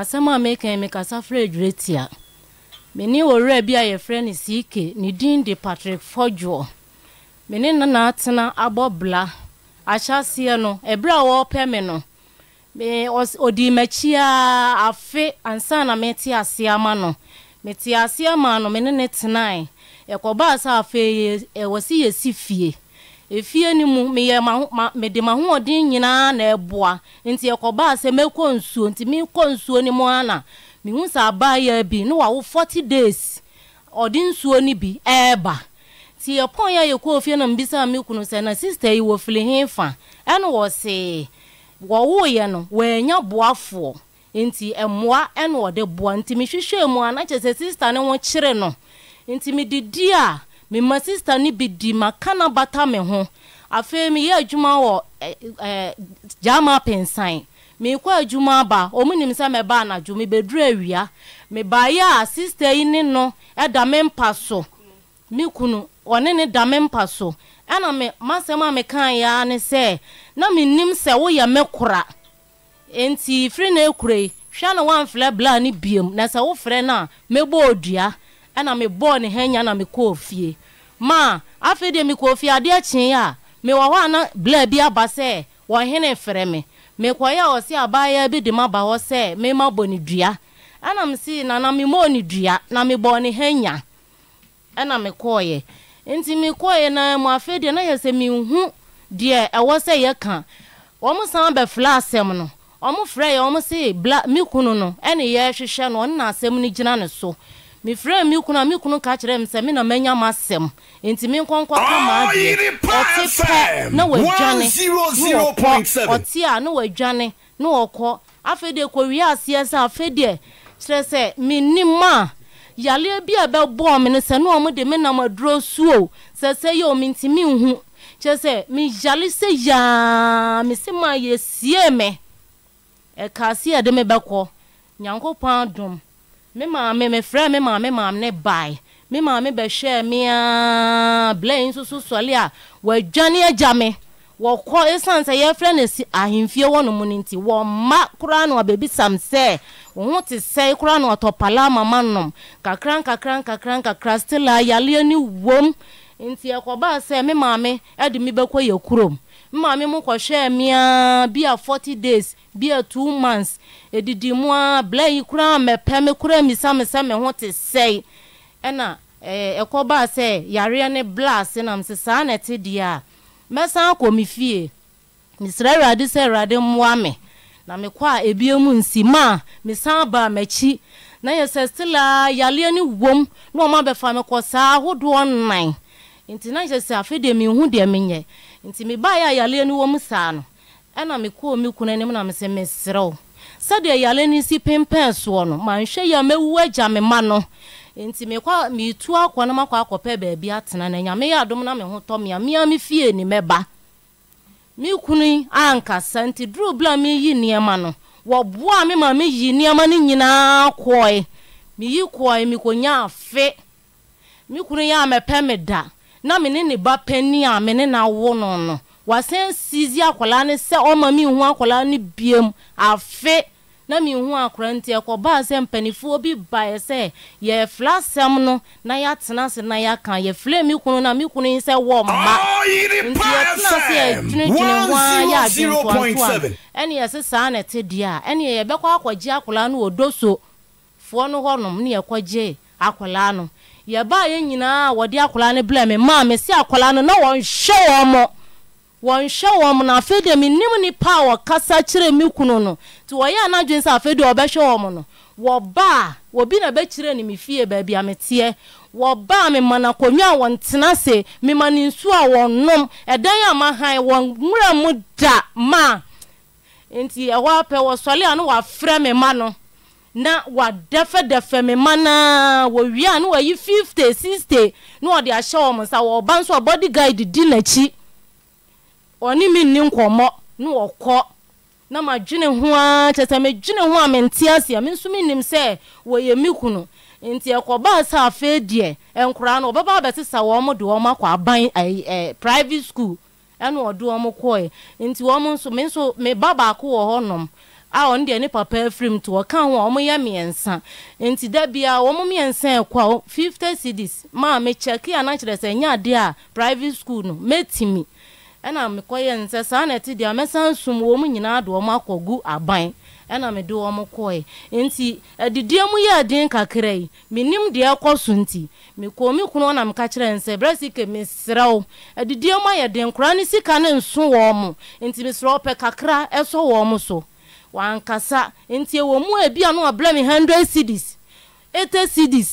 asɛm a meka meka safra adwire tia mene wɔwura bi a yɛfrɛ no siike ne din de patrick fɔdwoɔ mene no na abɔ bla ahyɛ aseɛ no ɛberɛ a wɔrepɛ no ɔdii m'akyiaa afe ansa na mete aseɛ ama no mete aseɛ no mene ne e e fie efie no mu meyɛ ma ma mede m'ahoɔden nyinaa na ɛboa nti ɛkɔbaa sɛ mɛkɔ nsuo nti mekɔ nsuo no mu ana mehu sɛ abaayɛ bi ne wawo 40 days ɔde nsuo no bi ɛɛba nti ɛpɔn yɛ yɛkɔɔ fie na mbisa me kunu sɛ na sista yi wɔfiri he fa ɛne wɔse wɔwoyɛ no wɔanya boafoɔ nti mmoa ɛne wɔde boa nti mehwehwɛ mu a na kyerɛ sɛ sista ne ho kyere no nti medidi a me ma sista ne bi di ma kana bata me ho afei meyɛ adwuma wɔ eh, gyama eh, pensan mekɔ adwuma aba ɔmo nim sɛ ba anadwo mebɛduru awia mebaeɛ a sista yi ne no ɛda me mpa so me kunu ɔne ne da me mpa so ɛna me masɛm a mekaa yɛa ne sɛ na menim sɛ woyɛ me kora nti firi na ekura yi hwɛ na wɔamfrɛ blaa ne biem na sɛ wofrɛ no a mɛbɔɔ dua ɛna mebɔɔ ne hanya na mekɔɔ fie ma afei deɛ mekɔɔfie adeɛ kyee a mewɔ hɔ ana blaa bi aba sɛ wɔhene frɛ me mekɔyɛ a ɔse abaayɛ bi de ma ba hɔ sɛ mema bɔ ne dua ɛna m si nana memɔɔ ne dua na mebɔɔ ne ha nya ɛna mekɔɔyɛ nti mekɔɔyɛ na mu afei deɛ na yɛ sɛ menhu deɛ ɛwɔ sɛ yɛka wɔn san bɛfla asɛm no wɔn frɛ yɛ wɔn se bla me kunu no ɛna yɛhwehwɛ no ɔne na asɛm no gyina ne so mefrɛ me kunu a me kunu ka kyerɛ me sɛ me na manya m'asɛm enti menkɔnkɔ ka maadeɛ ɔte pɛ na wadwane ne wɔkɔ ɔte a na wadwane ne wɔkɔ afei deɛ kɔwie aseɛ sɛ afei deɛ kyerɛ sɛ mennim a yaleɛ bi a ɛbɛbɔɔ me no sɛ ne ɔmo de me nam aduro suo sɛ sɛ yɛ ɔmo ntimi nhu kyerɛ sɛ meyale sɛ yaa mese ma yɛsie me ɛkaa se yɛde me bɛkɔ nyankopɔn adom me maame mefrɛ me maame maame ne bae me maame bɛhwɛ me aa blɛn nso so sɔle a wɔadwane agya me wɔkɔ ɛsiane sɛ yɛfrɛ no si ahemfie wɔ no mu no nti wɔmma koraa no abɛbisam sɛ wo ho te sɛe koraa no ɔtɔpala mama nom kakra nkakra nkakra nkakra stila yaleɛ ne wom nti ɛkɔbaa e sɛ me maame ɛde me bɛkɔ yɛ kurom mmaa mi mu kɔhwɛ mmea bi a forty days bi a two months edidi mu a blɛ yi kura mɛpɛ mi kura misamisa mɛ ho te sɛɛ ɛna ɛɛ ɛkɔ baa sɛ yareɛ ne blast nam sɛ saa na ɛte deɛ a mɛsan akɔ mi fie mesrɛ awurade sɛ awurade mmoa me na mekɔ a ebie mu nsi ma a mesan baa m'akyi na yɛ sɛ stila yaleɛ ne wom na wɔn abɛfa me kɔ saa ahodoɔ nnan nti na yɛ sɛ afei deɛ mehu deɛ menyɛ nti mi ba yaleɛ no wɔ mu saa no ɛna mekɔɔ me kunu anim na mesɛ mesrɛ wo sɛdeɛ yale no si pempɛn soɔ no manhwɛ yi a mɛwu agya me ma no nti mekɔ metu akɔ no makɔ akɔpɛ baabi atena no nyame yɛ adom na me ho tɔ mea mea me fie ni mɛba me kunu yi ankasa nti duru bla meyi nneɛma no wɔboa me ma meyi nneɛma no nyinaa kɔe meyi kɔe mekɔnya afe me kunu yi a mɛpɛ da na mene ne ba pani a mene na awo no no wasan sizi akwadaa ne sɛ ɔma mi hu akwadaa ne biem afe na mi hu akwadaa nti ɛkɔ baa sɛ mpanimfoɔ bi baeɛ sɛ yɛfla asɛm no na yɛatena ase na yɛaka yɛfla mi kunu na mi kunu yi sɛ wɔ mma nti yɛtena se yɛdwinedwine ho ara yɛ adwintoantoa ɛne yɛse saa na ɛte deɛ a ɛne yɛbɛkɔ akɔgye akwadaa no wɔ doso foɔ no hɔnom ne yɛkɔgye akwadaa no. Yaba yɛ nyinaa wɔde akwadaa no bila mi maa mesi akwadaa no na wɔnhyɛ wɔn wɔnhyɛ wɔn na afei deɛ menim nipa a wɔkasa kyerɛ mi kunu no nti wɔyɛ anadwene sɛ afei deɛ ɔbɛhwɛ wɔn no wɔbaa obi na bɛkyerɛ ne mi fie baabi a meteɛ wɔbaa mema no akonnwa a wɔntena ase mema ne nsuo a wɔnom ɛdan a mahan wɔn nwura mu da maa nti ɛhɔ apɛ wɔsɔle a no wɔafrɛ me ma no na wa dɛfɛ me ma naa wɔwie a ne wayi 50 60 ne wɔde ahyɛ wɔ m nsa wɔɔba nso a body guide di n'akyi ɔne me ni nkɔmɔ ne wɔkɔ na ma madwene ho a kyɛ sɛ medwene ho a mente aseɛ me nso menim sɛ wɔyɛ me kunu nti ɛkɔbaa sɛ afei deɛ nkoraa no ɔbɛba bɛsesa wɔn mo de wɔn akɔ aban ɛɛ private school ɛna ɔde wɔn kɔɛ nti wɔn nso me nso me ba baako wɔ hɔnom a ɔno deɛ ne papa afirim to ɔka ho a ɔmoyɛ mmiɛnsa nti da wɔn mmiɛnsa ɛkɔ fifty cities. maa mekyɛke a n'akyerɛ sɛ nyɛ adeɛ a private school no mɛtimi ɛna mekɔyɛ nsɛ saa na ɛte deɛ mɛsan sum wɔn nyinaa de wɔn akɔgu aban ɛna mede wɔn kɔɛ nti adidie mu yɛ den kakra yi menim deɛ ɛkɔ so nti mekɔɔ me kunu na meka kyerɛ nsɛ berɛ sika mesrɛ wo mu ayɛ den koraa ne sika ne nso wɔn mo nti mesrɛ wɔpɛ kakra ɛsɔ wɔn so wankasa nti wɔ mu ebi ano no wabrɛ hundred cds eighty cds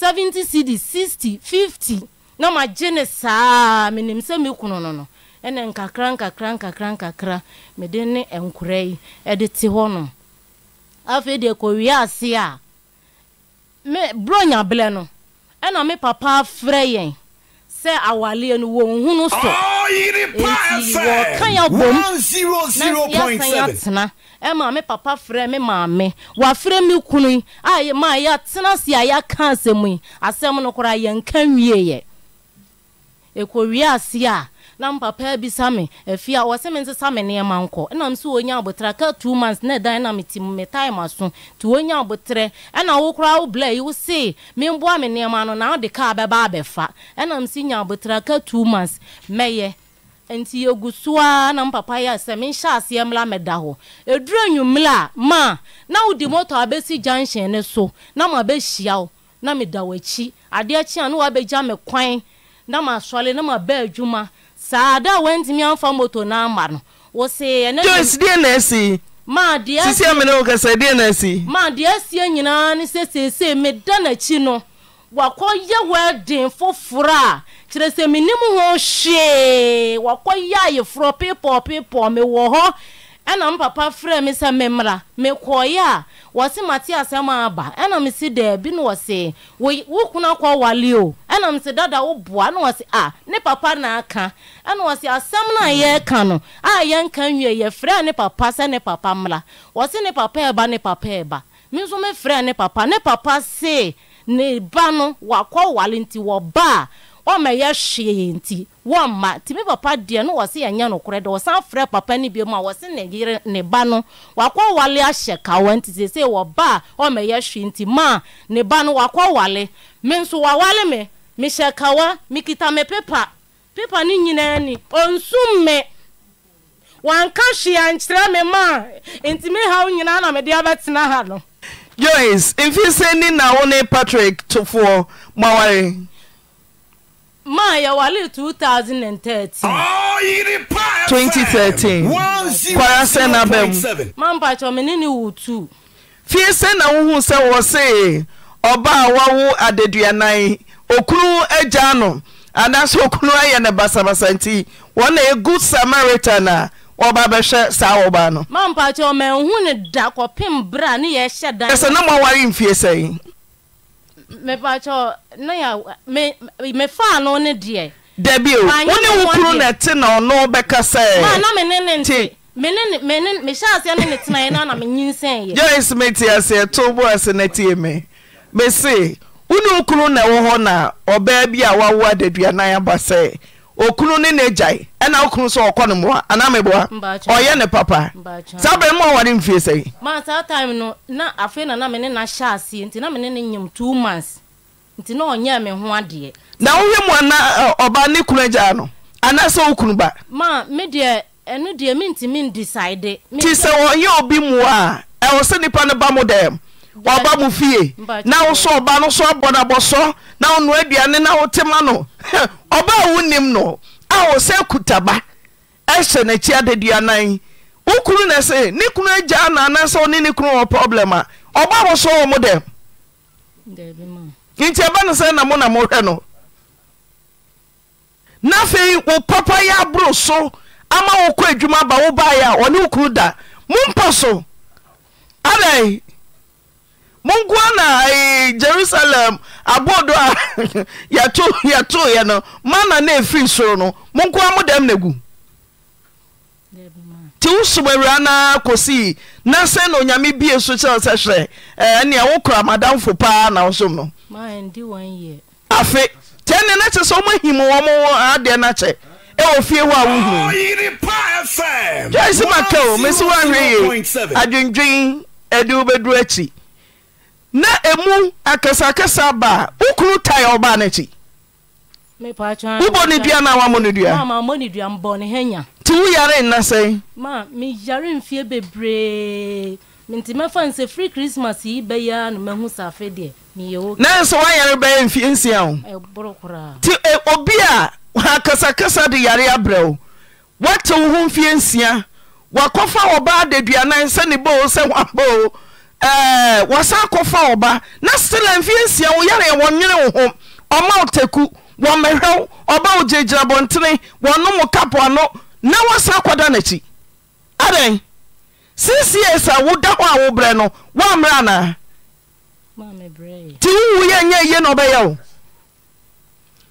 seventy cds sixty fifty na ma gye ne saa menim sɛ me kunu no no ɛna nkakra nkakra nkakra nkakra mede ne nkora yi ɛde te hɔ no afei deɛ kɔwia ase a me borɔ nyablɛ no ɛna me papa afrɛ yɛn sɛ awaleɛ no wɔn ho no sɔ eti wɔka yɛ bom na yɛsan yɛatena ɛma me papa frɛ me maame wafrɛ mi kunu yi maa ma yɛatena si a yɛaka asɛm yi asɛm no koraa yɛnka wieeɛ ɛkɔwie ase a na mpapa bisa me afi a wɔsɛ me nsesa me nneɛma nkɔ ɛna m sɛ wɔnya abotrɛ ka two months ne ɛdan na mete me time aso nti wɔnya abotrɛ ɛna wo koraa wo blɛ yi wo se memboa me nneɛma no na wode kaa bɛba abɛfa ɛna m sɛ nya abotrɛ ka two months mɛyɛ nti egu soa na mpapa yɛ sɛ menhyɛ aseɛ mmla mɛda hɔ eduru enyimla ma na wodi moto abesi junction ne so na ma abehyia wo na meda w'akyi adeɛ kyi a no wabɛgya me kwan na ma asɔre na ma bɛ adwuma saa da a wantumi amfa moto no ama no wo se ɛne jos deɛ na asi ma deɛ sisi amene wo kasa deɛ na asi ma deɛ asie nyinaa ne sɛ seesei meda n'akyi no wakɔyɛ wɛden foforɔ a kyerɛ sɛ menim ho hwee wakɔyɛ ayeforɔ pepɔ pepɔ mewɔ hɔ ɛna m papa frɛ me sɛ memmra mekɔɔeɛ a wɔse mate asɛm aba ɛna mese daabi na wɔse wo kuna kɔ wale o ɛna mese dada woboa na wɔse a ne papa na aka ɛna wɔse asɛm no a yɛreka no a yɛnka nwie yɛfrɛ ne papa sɛ ne papa mmra wɔse ne papa ɛba ne papa ɛba me nso mefrɛ ne papa ne papa se ne ba no wakɔ wale nti wɔba a ɔmɛyɛ hwee nti wɔn mma tìmí papa deɛ no wɔsi ɛnyɛ no korɛ deɛ wɔsan frɛ papa ni bi mu a wɔsi ne yere ne ba no wakɔ wale ahyɛ kawa nti sese wɔ ba a ɔmɛ yɛ hwi nti maa ne ba no wakɔ wale mi nso wawale mi mi hyɛ kawa mi kita mi pepa pepa ne nyinaa ni onsum mi wanka hwi ankyerɛ mi maa ntumi haw nyinaa na mi de abɛtena ha no. joyce nfisɛ ni na wo ne patrick tofoɔ mawari. Oh, ma yɛ wale 2013 kwara sɛ na bɛm mampakyɛ mene ne wo tu fie sɛ na wohu sɛ wɔ see ɔba a woawo adaduanan okunu agya no anaasɛ okunu ayɛ ne basabasa nti wɔna ɛgood e samaritan a wɔba bɛhwɛ saa wɔbaa no mampakyɛ manhu ne da kɔpem berɛ a ne yɛhyɛ dan ɛsɛ na moaware mfie sɛe mepatwɛ ne me mefaa no ne deɛ dabio wone wo kunu na ɛte na ɔno bɛka sɛti joyce mete aseɛ to bo ase na tie me mese wone wo kunu na ɛwɔ hɔ na ɔbaa bi a woawo adaduanan aba sɛ okunu ne ne gyae ɛna wokunu sɛ ɔkɔ ne mmoa anaa meboa ɔyɛ ne papa saa berɛ mu ɔware mfie sɛi ma saa time no na afei na na mene na hyɛ aseɛ nti na mene ne nyam two months nti na ɔnyɛɛ me ho adeɛ na wohwɛ mu ana ɔba ne kunu agyaa no anaasɛ wo kunu ba ma me deɛ ɛno deɛ mentimi ndecide nti sɛ ɔyɛ obi mmoa a ɛwɔ sɛ nnipa no ba mo dɛm ọba mo fie na wo ọba ɔba no so na ọnụ aduane na wotema no ɔba a wonim no a ọsọ ekutaba akutaba ɛhyɛ n'akyi adaduanan wo kunu na se ne kunu na naanasɛ wone ne kunu wɔ problem a ɔba wɔ so wɔ mo dɛm nti ɛba no sɛ na mo na mohwɛ no na afei wo papa yɛ aboro so ama wokɔ adwuma ba wobaeɛ a ɔne wo kunu da mompa so adɛn monkoa na eh, jerusalem abụọdụ a ya no mana na ɛfiri soro no monkoa mụ dɛm na gu nti wosom awura naa na sɛ na onyame bie so kyerɛw sɛ hwerɛ eh, nea wo kora madamfo paa na wosom no afe ti ɛne no kyɛ sɛ woma him wɔ mo adeɛ no kyɛ ɛwɔ fie hɔ a wohumudwae sɛ maka o mɛsi ye adwendwen ade wobɛduru akyi na emu akɛsakɛsa baa wo kunu tae ɔbaa no akyi wobɔ ne dua na wamɔ no dua nti wo yare nna sɛe nansɛ woayare bɛyɛ mfie nsia wo nti obi a akɛsakɛsa de yare abrɛ wo woate wo ho nsia wakɔfa wɔbaa da duanan sɛ ne sɛ ɛɛ eh, wɔsan kɔfa ɔba na sila mfie nsia wo yare wɔn nwene wo ho ɔma ɔtaku wɔn mɛhwɛw ɔba wo bɔntene wɔn mo kapo ano na wɔsan kɔda n'akyi adan sisi esa woda hɔ a wobrɛ no wɔammerɛ anaa nti wowu yɛ nyɛ yie na ɔbɛyɛ wo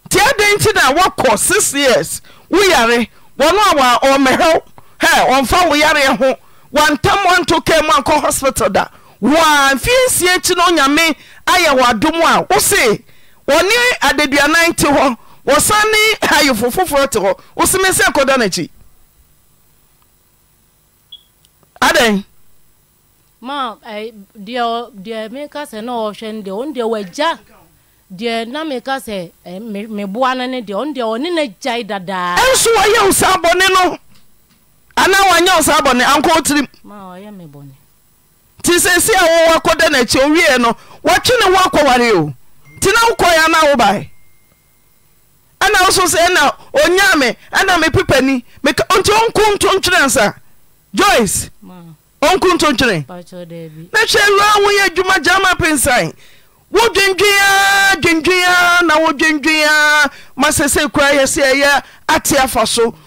nti adɛn nti na wɔkɔ six years woyare wɔno a wɔ ɔmmɛhɛw hɛ ɔmfa wo yareɛ ho wantam wanto kaa mu ankɔ hospital da woa mfeensie akyi no onyame ayɛ w'adom a wo se wɔne adaduanan te hɔ wɔsan ne ayofo foforɔ te hɔ wo seme sɛ kɔda nokyi adɛn deɛ meka sɛ na ɔhwɛ no deɛ ɔno deɛ wagya deɛ na meka sɛ meboa no ne deɛ ɔno deɛ ɔne no gyae dadaa ɛnso wɔyɛ wo saa bɔne no anaa wanyɛ wo saa bɔne ankɔ wotirim ti sɛsie a wowakɔ dɛ no ati owieɛ no wotwene woakɔ wareo nti na wokɔɛ ana wo bae ɛna woso sɛ ɛna ɔnya me na mepepani nti ɔnkomtotwee asa joyc ɔnotoee na hyɛ awuraa woyɛ adwuma jama pinsae wo dwinwena dwnwena na wodwenwenaa masɛ se kora yɛ sɛ yɛ ate afa so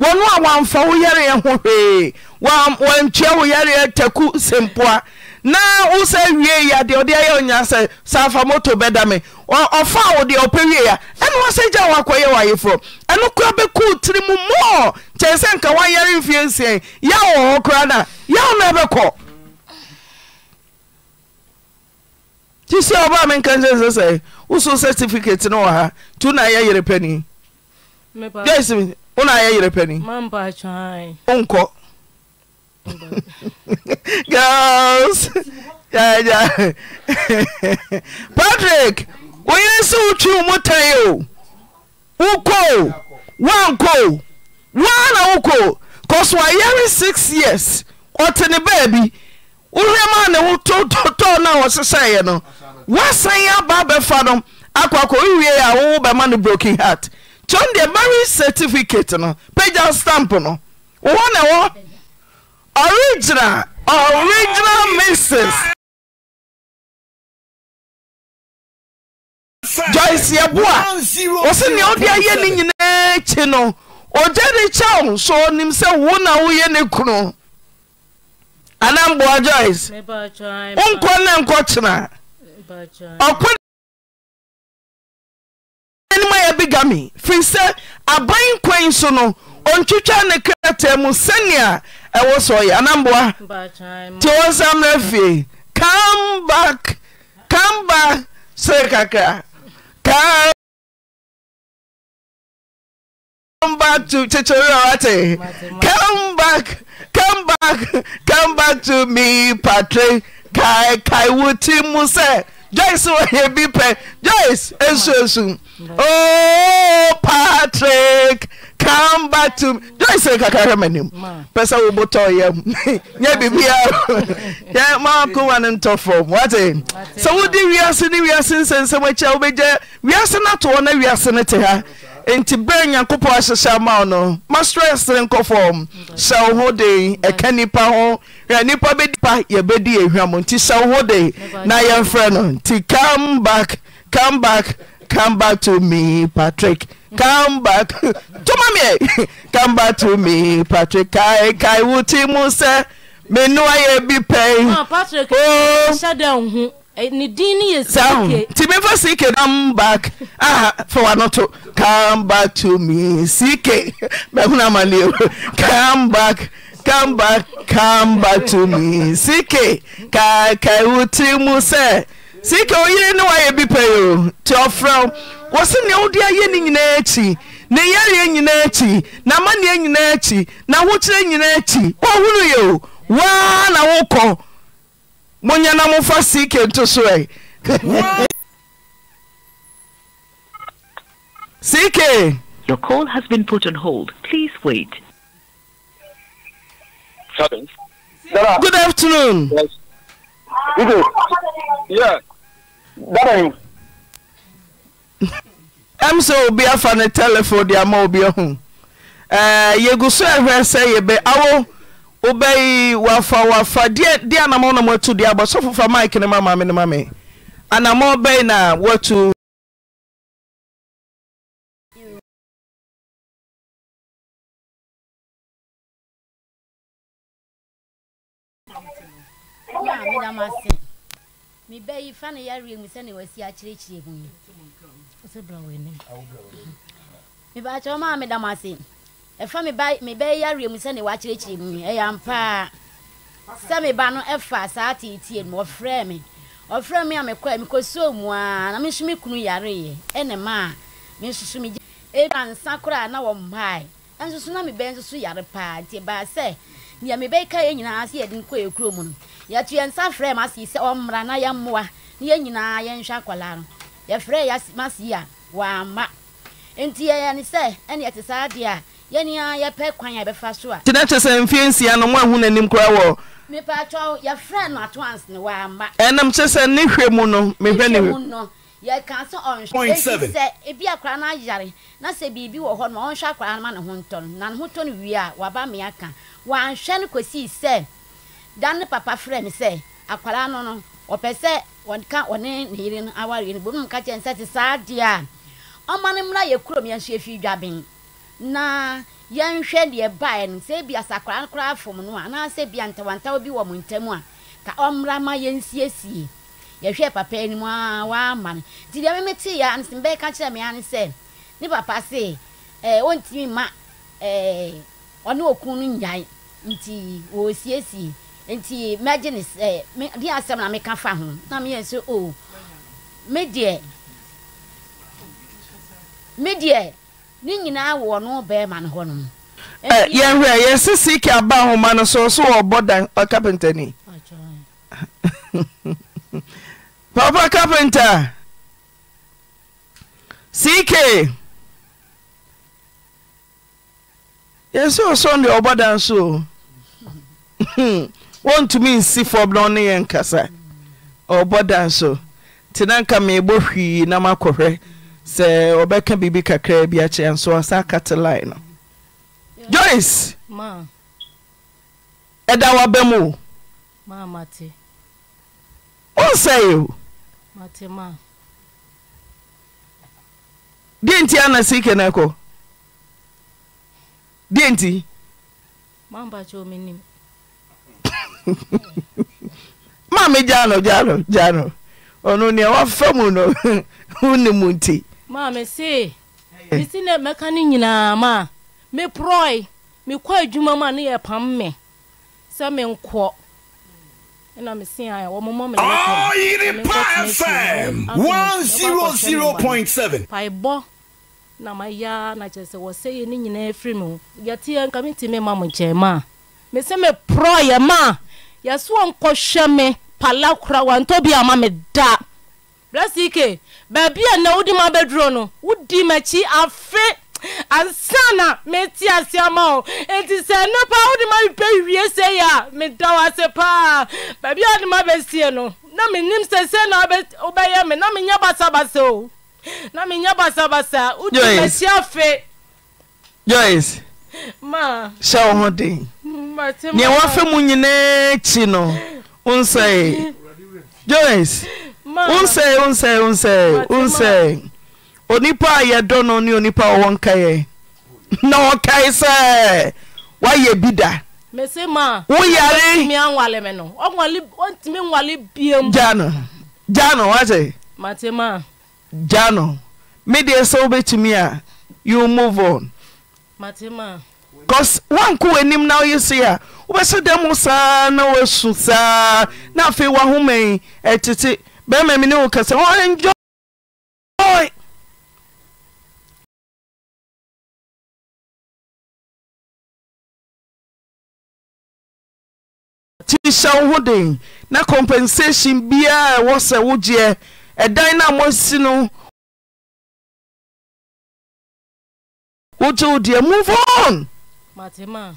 wɔno a wɔamfa wo yareɛ ho hwee wantua wo yareɛ taku na wo sɛ wie yia deɛ ɔde ayɛ onya sɛ saafa moto bɛda me ɔfaa wo deɛ ɔpɛ wie ya ɛne wasɛ gya woakɔyɛ wayefrɔ ɛno kora bɛkuu tiri mu mɔɔ kyɛɛ sɛ nka woayare mfie nsiɛ yaw wɔ hɔ kora no yaw na ɛbɛkɔ nti sɛ certificate wɔ ha na yɛ yere pani wona ayɛ yerɛ pani wonkɔ girls yaya patrick woyere sɛ wotwiw mu tae o wokɔo woankɔo woa na wokɔo cause wayare six years ɔte ne baabi wohwɛ ma ne wo totɔɔ no a wɔhyehyɛeɛ no woasan yɛ abaa bɛfa no akɔ akɔ wowie a wowo bɛma no broken heart kyɛm deɛ marriage certificate no pagal stamp no wo na ne wɔ original original mrs joyce yɛboa wɔ sɛ nea wode ayɛ ne nyinaa kyi no ogya ne kyɛw so ɔnim sɛ wo na woyɛ ne kunu anamboa joyce wonkɔ ne nkɔkyena anim a yɛ bi ga me firi sɛ aban kwan so no ɔntwitwa ne krɛtaa mu sɛnea ɛwɔ sɔɔyɛ anamboa nti wɔnsammra fie cam bak cam bac see kakra cbaktat cm bak cam bak com bak to mi patre kae kae wotim mu sɛ joyc wɔyɛ bi pɛ joyce nsu su patrik com back tom joyceɛkakaa manim pɛ sɛ wobotɔyɛm nyɛ birbiaɛmaakoma ne ntɔfɔm wat sɛ wode wiase ne wiasensɛmsɛm akyiɛ wobɛgya wiase no ato ɔna wiase no te ha nti berɛ nyankopɔn ahyehyɛ ma wo no ma strɛsere nkɔfɔm hyɛ wo ho den ɛka nnipa ho hwɛ nnipa bɛdi pa yɛbɛdi yɛhwa mu nti hyɛ wo ho den na yɛmfrɛ no nti come back come back come back to me patrick come back toma meɛ come back to me patrick kae kae wo ti mu sɛ menoa yɛ bi pɛi ah, timifɛ skfw omm sk kkwotie mu sɛ sike ɔyere ne waayɛ bi pɛ nt ɔfrɛ wɔ sɛne wodeayɛ ne nyinaa kyi ne yɛreɛ nyinaa kyi namaneɛ nyinaa akyi nahokyerɛ nyinaa kyi wohonu yɛo waa na wokɔ monya na momfa sike nto so sike Your call has been put on hold. Please wait. Good afternoon. Yes. Yeah. That I'm so obi afa ne telephone de ama obi ho. Eh yegu so ehwe say ye be awo wobɛyi wafa wafa deɛ deɛ anama na moatu deɛ abɔ sɛ fofa mike ni mama me ne ma me anama bɛyi na woatu mebɛyi fa no yɛareɛ mu sɛne wasi akyerɛkyerɛ mu yi mebɛakyɛ ɔmaa medam ase ɛfa mi ba mi bɛ yari awia mu sɛ ne wa kyerɛkyerɛ mu ɛyɛ ampa sɛ me ba no ɛfa saa tietie no ɔfrɛ me ɔfrɛ mi a mi kɔ a me kɔ so mu a na mi nso me kunu yare yɛ ɛna ma a me nso so me gye ebi nsa koraa na wɔn mmaa nso so na me bɛ nso so yare paa nti ba sɛ nea me bɛ ka yɛ nyinaa sɛ yɛde nkɔ yɛ kurom no yɛto yɛn nsa frɛ ma si sɛ ɔmmra na yɛmmoa na yɛn nyinaa yɛnhwɛ akwadaa no yɛfrɛ yɛ ma si a wɔamma nti yɛyɛ ne sɛ ɛne yɛte saa deɛ a yɛneyɛpɛ kwan a so a na kyɛ sɛ mfie nsia no mo ahu n'anim koraa wɔ yɛfrɛ no ne ɛnam kyɛ sɛ ne hwɛ mu no mehwɛ ne yɛka sɛ ebi akora no ayare na sɛ biribi wɔ hɔ ɔnhwɛ akora ne ho ntɔ no na ne ho tɔ no wie a waba meaka wɔanhwɛ no kɔsii sɛ da ne papa frɛ me sɛ akwaraa no no ɔpɛ sɛ ɔka ɔne ne yere no aware no ka kyɛ sɛ te saa deɛ a na yɛnhwɛ deɛ baeɛ no sɛ bi asakora koraa fom no a anaasɛ bi antawantaw bi wɔ mo ntam a ka ɔmmra ma yɛnsiesie yɛhwɛ papa anim a waama no nti deɛ memete yɛ ansen bɛka kyerɛ me ane sɛ ne papa se eh, ɔntimi ma eh, ɔne ɔkun no nyae nti wɔɔsiesie nti mɛgye ne sɛ eh, de asɛm na meka fa ho na meyɛ sɛ o oh, me deɛ me deɛ ne nyinaa wɔ no bɛɛma no hɔ nom yɛhwɛ yɛse sike aba ahoma no so so wɔ bɔda uh, carpentani papa carpenter sike yɛsɛ ɔsɔn deɛ ɔbɔda nso o wɔntumi nsi fam na ɔne yɛ nkasa ɔbɔda nso nti na nka meebɔ hwii na makɔhwɛ sɛ ɔbɛka biribi kakraa bi akyerɛ nso ɔsa akate line no joyce ɛda waba mu o wonsɛe o deɛ nti ana sike na kɔ deɛ nti maame gya no gya no gya no ɔno nea wafa mu no wonim nti maa me se me si na mɛka ne nyinaa ma me porɔe mekɔ adwuma mu ne yɛ pam me sɛ menkɔ ɛna me se a wɔmomɔ me Oyiripa FM 100.7 paebɔ na maya na kyerɛ sɛ wɔsɛ yɛ ne nyinaa firi me ho yɛteɛ nka mentimi ma mo nkyɛn ma me se me porɔe yɛ ma a yɛso wɔnkɔhwɛ me pala kora wantɔ bi ama me da brɛ sike baabi a na wodi ma bɛduro no wodi m'akyi afe ansa meti ase ama o eti sɛ nnipa wode ma mepɛ wie sɛ yi a meda wo ase paa baabi a wode ma bɛsie no na menim sɛ sɛ na wobɛyɛ me na menyɛ basabasa o na menyɛ basabasa wodi m'akyi afe joyce ma hyɛ wo ho den neɛ woafe mu nyinaa akyi no wo joyce nse nse nse nse onipa a yɛdɔ no ne onipa a wɔwɔ nkaeɛ na ɔkae sɛ woayɛ bi da woyaregya no gya no woakyɛ gya no medeɛ sɛ wobɛtumi a you move on cause woanko w'anim na woyɛ sei a wobɛhyɛ dɛ mu saa na woasu saa na afei woahoma yi ɛtete bɛrima mi ne wo kasa ɔnjɔ tihyɛ wo ho den na compensation biara ɛwɔ sɛ wogyeɛ ɛdan no a moasi no wogye wo deɛ move on Matema.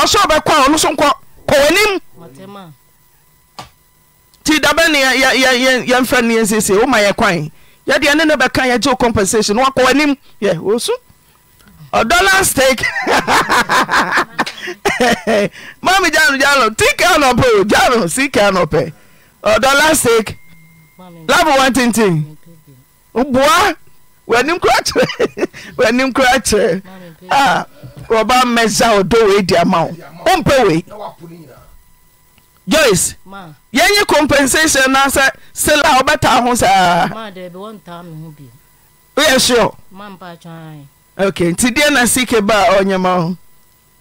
ɔsbɛknosok knim ti danyɛfeɛssomayɛk yɛnenɛkaɛjptownm ls mam s laa titin a a rọba mmẹsà ọdọ wei di ama o o mpẹ wei Joyce yẹn nye compensation na sẹ sila ọbẹ ta ho saa. o yẹ sure. ok nti deɛ na sike ba a ɔnyɛ ma ho.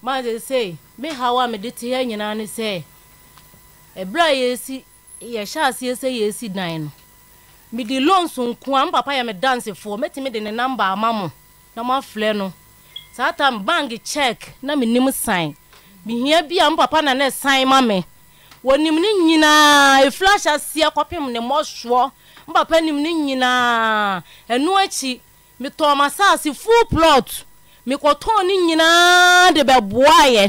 maade sɛ me haw a mede te ha nyinaa ne sɛ ɛberɛ a yɛsi yɛhyɛ aseɛ sɛ yɛsi dan no mede loans nko a mpapa yɛ me dansefoɔ mɛtumi de ne namba ama mo na moafrɛ no saa time bank check na nim menim san hia bi a papa na ne san ma me nim ne nyinaa ɛflash e aseɛ kɔpem ne mmɔsoɔ papa nim ne nyinaa ɛno akyi metɔɔ masase full plot mekɔtɔn ne nyinaa de bɛboaeɛ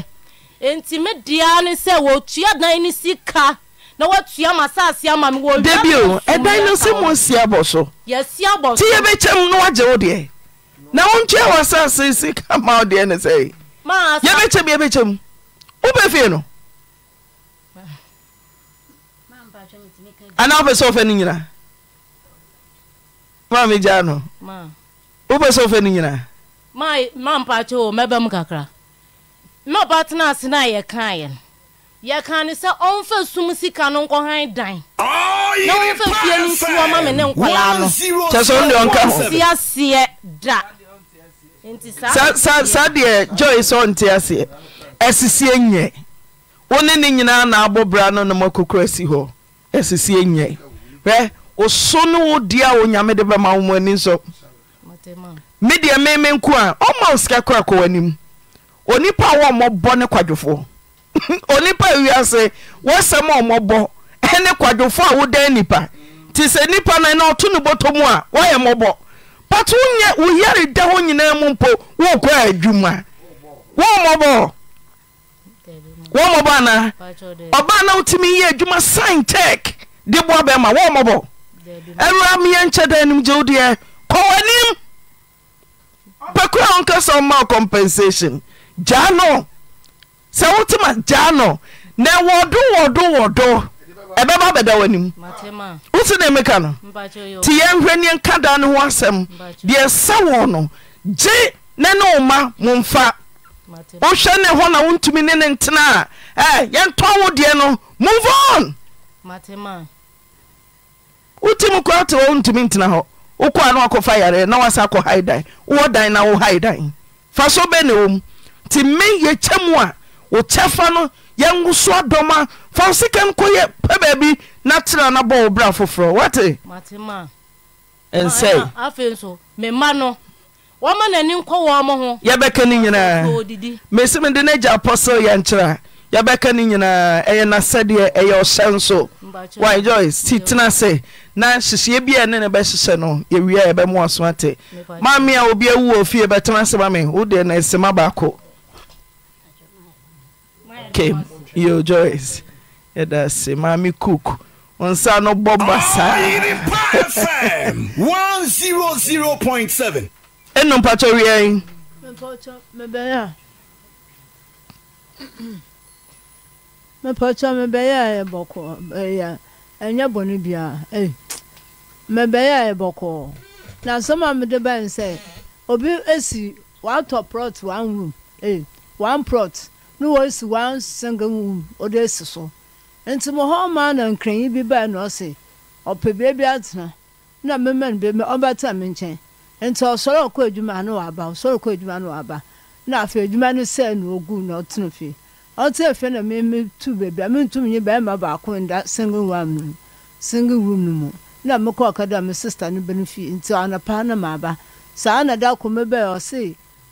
nti me dea ne sɛ wɔtua dan ne sika na ma masase ama me wɔ o ɛdan no sɛ mo si abɔ so yɛsi abɔ so ti yɛbɛkyɛm na wagye wo deɛ na wontyeɛ wɔ sase sika ma odeɛ ne sɛyɛbɛkyyɛbɛkyɛm woɛ fie no ana woɛ sɛfɛ no nyina magya nowoɛ sɛf no nyinaaaaɛ mɛpa tenase nayɛ kaɛno yɛka ne sɛ ɔmfa sm sika no nkɔ anfwaɛɛsɛaseɛ da saa deɛ joy sɛ ɔnte aseɛ asisie nyɛ wo ne ne na naabɔ bra no na akokora si hɔ asisie nyɛ ɛ woso ne wo di a wo de bɛma ani me deɛ nko a ɔma wo kora kɔ onipa a ne kwadwofoɔ onipa wɔsɛm a ɛne kwadwofoɔ a sɛ ɛna but wonyɛ woyareda hɔ nyinaa mu mpo wokɔ adwuma wɔmmɔbɔ wɔmmɔbɔ na wotumi yɛ adwuma sine tek de boa bɛma wɔmmɔbɔ ɛwura meyɛ nkyɛ da animgye wo deɛ kɔw'anim pɛkura wonkɛ sɛ ɔmma compensation gyaa no sɛ nọ na wɔdo ɛbɛba bɛda w'anim wosi ne meka no nti yɛnhwɛ nneɛ nka da ne ho asɛm deɛ ɛsɛ wɔ no gye ne ne wo ma momfa wohwɛ ne hɔ na wontumi ne ne ntena a yɛntɔn wo deɛ no moveon wotim koraa te wɔ wontumi ntena hɔ wokɔa na wakɔfa yareɛ na woasa akɔ hae dan wowɔ dan na wo hae dan fa so bɛ ne wɔ m nti me yɛkyɛ mu a wo kyɛ fa no yɛnwoso adɔma fawo sikɛ nkɔ yɛ pɛ baabi na tera ah, ah, na bɔ wo berɛ foforɔ wate ɛnsɛe mema no wɔma nani nkɔ wɔ mɔ ho yɛbɛka ne nyinaa mesimede no agya apɔstle yɛnkyerɛ yɛbɛka no nyinaa ɛyɛ nasɛdeɛ ɛyɛ ɔhyɛ nso wy joyc ti tena sɛ na hyehyeɛ bia ne ne bɛhyehyɛ no yɛwie a yɛbɛmoaso ate mame a obi awu wɔ fie bɛtena sɛ ma me wo deɛ na ɛsema baako came your joys yɛda ase maame cook nsa eh, no bɔ basaa ɛno mpatwɔ wiɛn mepɔtɔ mebɛyɛ a yɛbɔkɔ eh, ɛyɛ ɛnyɛ bɔne biara ɛy eh. mebɛyɛ a yɛbɔkɔɔ na asɛm a mede bɛn sɛ obi esi watɔ prɔt one room ɛy one prɔt na wɔasi wansɛnka wum ɔde asi so nti mo hɔ maa na nkranyi bi baa na ɔse ɔpɛ beebi atena na mmemme no beebi ɔbɛtena m nkyɛn ntị ɔsɔre ɔkɔ edwuma na ọba ɔsɔre ɔkɔ edwuma na ọba na afọ edwuma no sɛ na ogu na ɔtena fie ɔtena fie na mmemme tu beebi a mentum nye bɛrima baako nda single room no single room no na mekɔ ɔka dɛ me sista no bɛ ntị ọ na paa na aba saa na da kɔmɛ bɛɛ ọsị.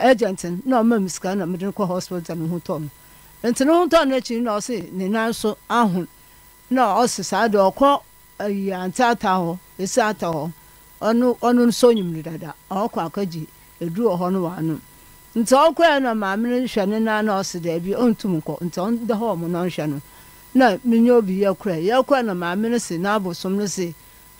agent na ɔma mi sika na mede no kɔ hospital ne ho tɔ no nti ne ho tɔ no akyi na ɔse ne nan so aho na ɔse saa de ɔkɔ ayi ante ata hɔ esi ata hɔ ɔno ɔno nso nyim ne dada ɔkɔ akɔgye edu wɔ hɔ no wɔ ano nti ɔkɔ yɛ na maame no hwɛ ne nan na ɔse dɛbi ɔntum nkɔ nti ɔnda hɔ ɔmo na ɔhwɛ no na menye obi yɛ kora yɛ kora na maame no se n'abosom no se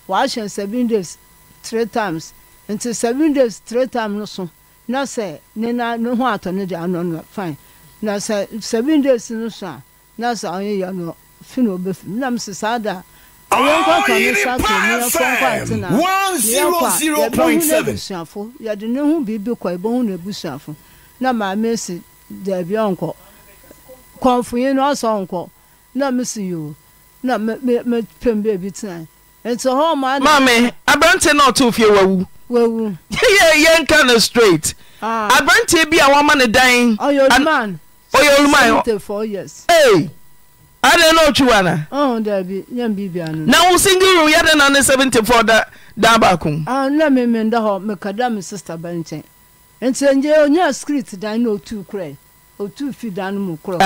wahyɛ seven days three times nti seven days three times no so. na sɛ ne na ne ho atɔ ne de ano no fine na sɛ seven days no so a na sɛ ɔyɛ yɛ no fi na obe fi mu nam sɛ saa da ɛyɛ nkɔ tɔ ne sa to ne yɛ yɛde ne ho biribi kɔ yɛbɛhu n'ebusuafo na maame si dɛbi ɔnkɔ kɔnfunyi no ɔsɔ nkɔ na me si na me me tena nti hɔ ɔmo adi. maame abirante fie wawu. wawu yɛnka no straight ah. aberanteɛ bi a wɔama ne dan ɔyɛ oluman adɛn na ɔtwi wo ana oh, na wo single room yɛdɛn na ne 74 da da baako ah, na memenda hɔ mekada me sister ba nkyɛn nti ɛnyɛ ɔnya script dan na ɔtuu korɛ ɔtuu fi dan no mu korɔ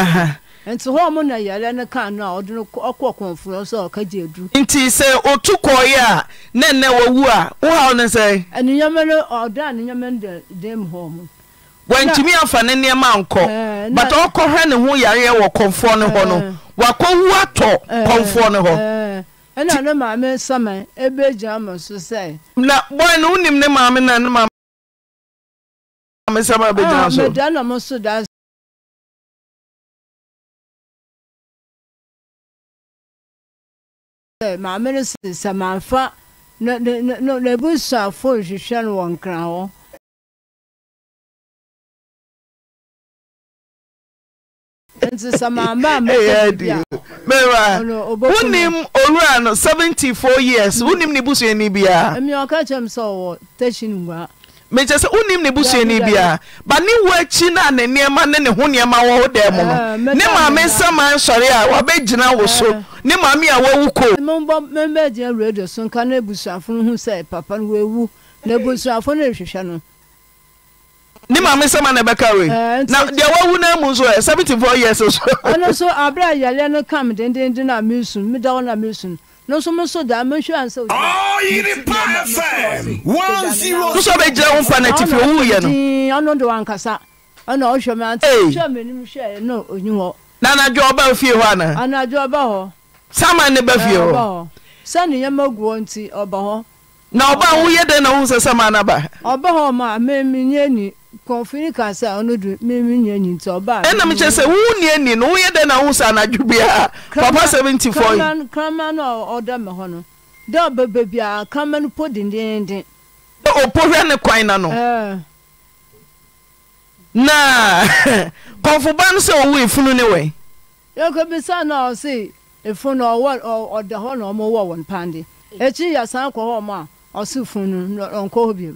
nti hɔ ɔmo na yɛrɛ ne kan no a ɔde no ɔkɔ kɔnforo sɛ ɔka gye edu. nti sɛ otu kɔɔyɛ a ne nna wɔwu a wohaw ne sɛ. ɛnìyɛmɛ no ɔda ɛnìyɛmɛ no dan mu hɔ afa ne nneɛma nkɔ but ɔkɔhwɛ ne ho yareɛ wɔ kɔnfoɔ no hɔ no wakɔwu atɔ kɔnfoɔ no hɔ. ɛna ne maame nsɛmɛ ebe gyina mo so sɛ. na bɔn no wonim ne maame na ne maame nsɛmɛ ebe gyina ah, so. ɛɛ mɛ dan na mo so da. sɛ maame no sɛ sɛ mamfa na n'abusuafo nhwehwɛ no wɔ nkran hɔ nti sɛ maamba a mɛyɛ wonim owura no seventy four years wonim ne busuani biara ɛmi ɔka kyerɛ m sɛ ɔwɔ tashin ngua mekyɛ sị unu m na biaa ba ne wo akyi no a ne nnoɔma ne ne ho nneɔma wɔ ho da mu no eh, ne maame nsɛma nsɔre a wabɛgyina wo so eh. ne maame a woawu komɛgyina radio so nka na abusuafo no hu sɛ papa no wawu na eh. afọ no rehwehwɛ no ne maame nsɛma na ɛbɛka wei na deɛ woawu no amu nso ɛ 74 years so ɔno so aberɛ a yaleɛ no kam dendenden a mesu meda wo na amị no Ah, no nso mo so da mo nhwɛ pa fm one zero. muso bɛ gyina ho fa na ti fi owu yɛ no. ɔno de wankasa ɔna ɔhwɛ mi ante hwɛ mi nim hwɛ no onyi hɔ. nanadwo ɔba fie hɔ ana. anadwo ɔba hɔ. sama ne ba fie hɔ. sani yɛn ma gu wɔn ti ɔba hɔ. na ɔba ahu yɛ dɛ na ohun sɛ sama anaba. ɔba hɔ ma mɛ mi nye kɔnfini kasa ah, ɔno do mímí nyɛ nyi nti ɔbaa. ɛnna mi kyerɛ sɛ wo ni eni no dɛ na wo sa anadwo papa seventy four yi. kraman kraman a ɔda mi hɔ no dɛ ɔbɛ baabi a kraman po dendenden. opo hwɛ ne kwan na no. na kɔnfoba no sɛ ɔwɔ efunu ne wɛ. yɛkɔ bi sa na ɔsi efunu ɔwɔ ɔda hɔ na ɔmo wɔ wɔn pande ekyi yasa akɔ hɔ ɔmo a ɔsi funu ɔnkɔ hɔ bi mu.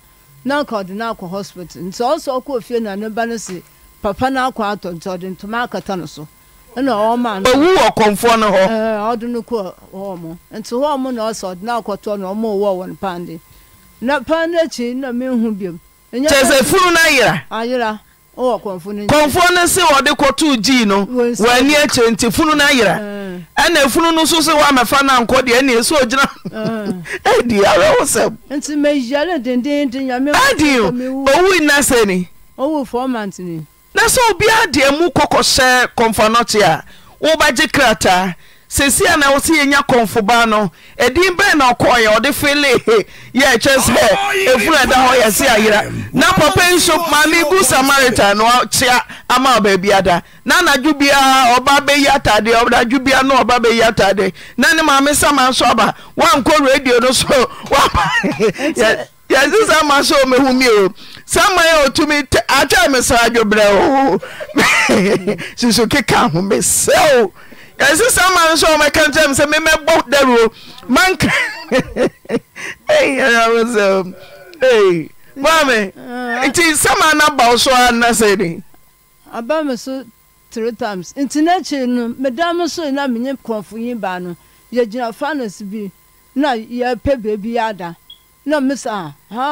na nka ɔde no akɔ hospital nti ɔsɔ ɔkɔ fie na ne ba si papa no akɔ atɔ nti ɔde ntoma akata no so ɛna ɔma no owu wɔ kɔnfoɔ no hɔ ɛɛ ɔde no kɔ hɔ mo nti hɔ mo na ɔsɔ ɔde no akɔtɔ na ɔmo wɔ wɔn paande na paande akyi na mehu biom. kyerɛ sɛ funu no ayera. ayera. kɔnfoɔ no se wɔde kɔtoo gyii no wɔani akyɛ nti funu no ayera ɛna funu no nso se woamɛfa no ankɔ deɛ ɛne ɛsɛ ogyina adi awerɛ wo sɛm adi owui nna sɛ ni na sɛ obiaa deɛ mu kɔkɔhyɛ kɔmfa a wobɛgye krataa sisi a na wo sɛ yɛnya kɔmfo no adin bɛn na ɔkɔɔyɛ ɔde fili ya eche sɛ ɛfunu da hɔ ya se ayera na papa nso maame bu samaritan no kyea ama baabiada na anadwo biaa ɔba bɛyi atade ɔnadwo bia na ɔba bɛyi atade na ndị maame sama nso aba woankɔ radio no ya yɛse sama nso ɔmɛhumi o sama yɛ ɔtumi atwa mesra adwoberɛ o susu mesia o. yɛsi sɛ ma no sɛ ɔmɛka nkyerɛ me sɛ memɛbɔ daruo manka sɛ maame ah. nti sɛma no ba wo so a na sɛ ni aba me so three times nti n'akyiri no meda me so na menye kɔnfo yi baa no yɛgyina fanes bi na yɛpɛ baabi ada na mesa ha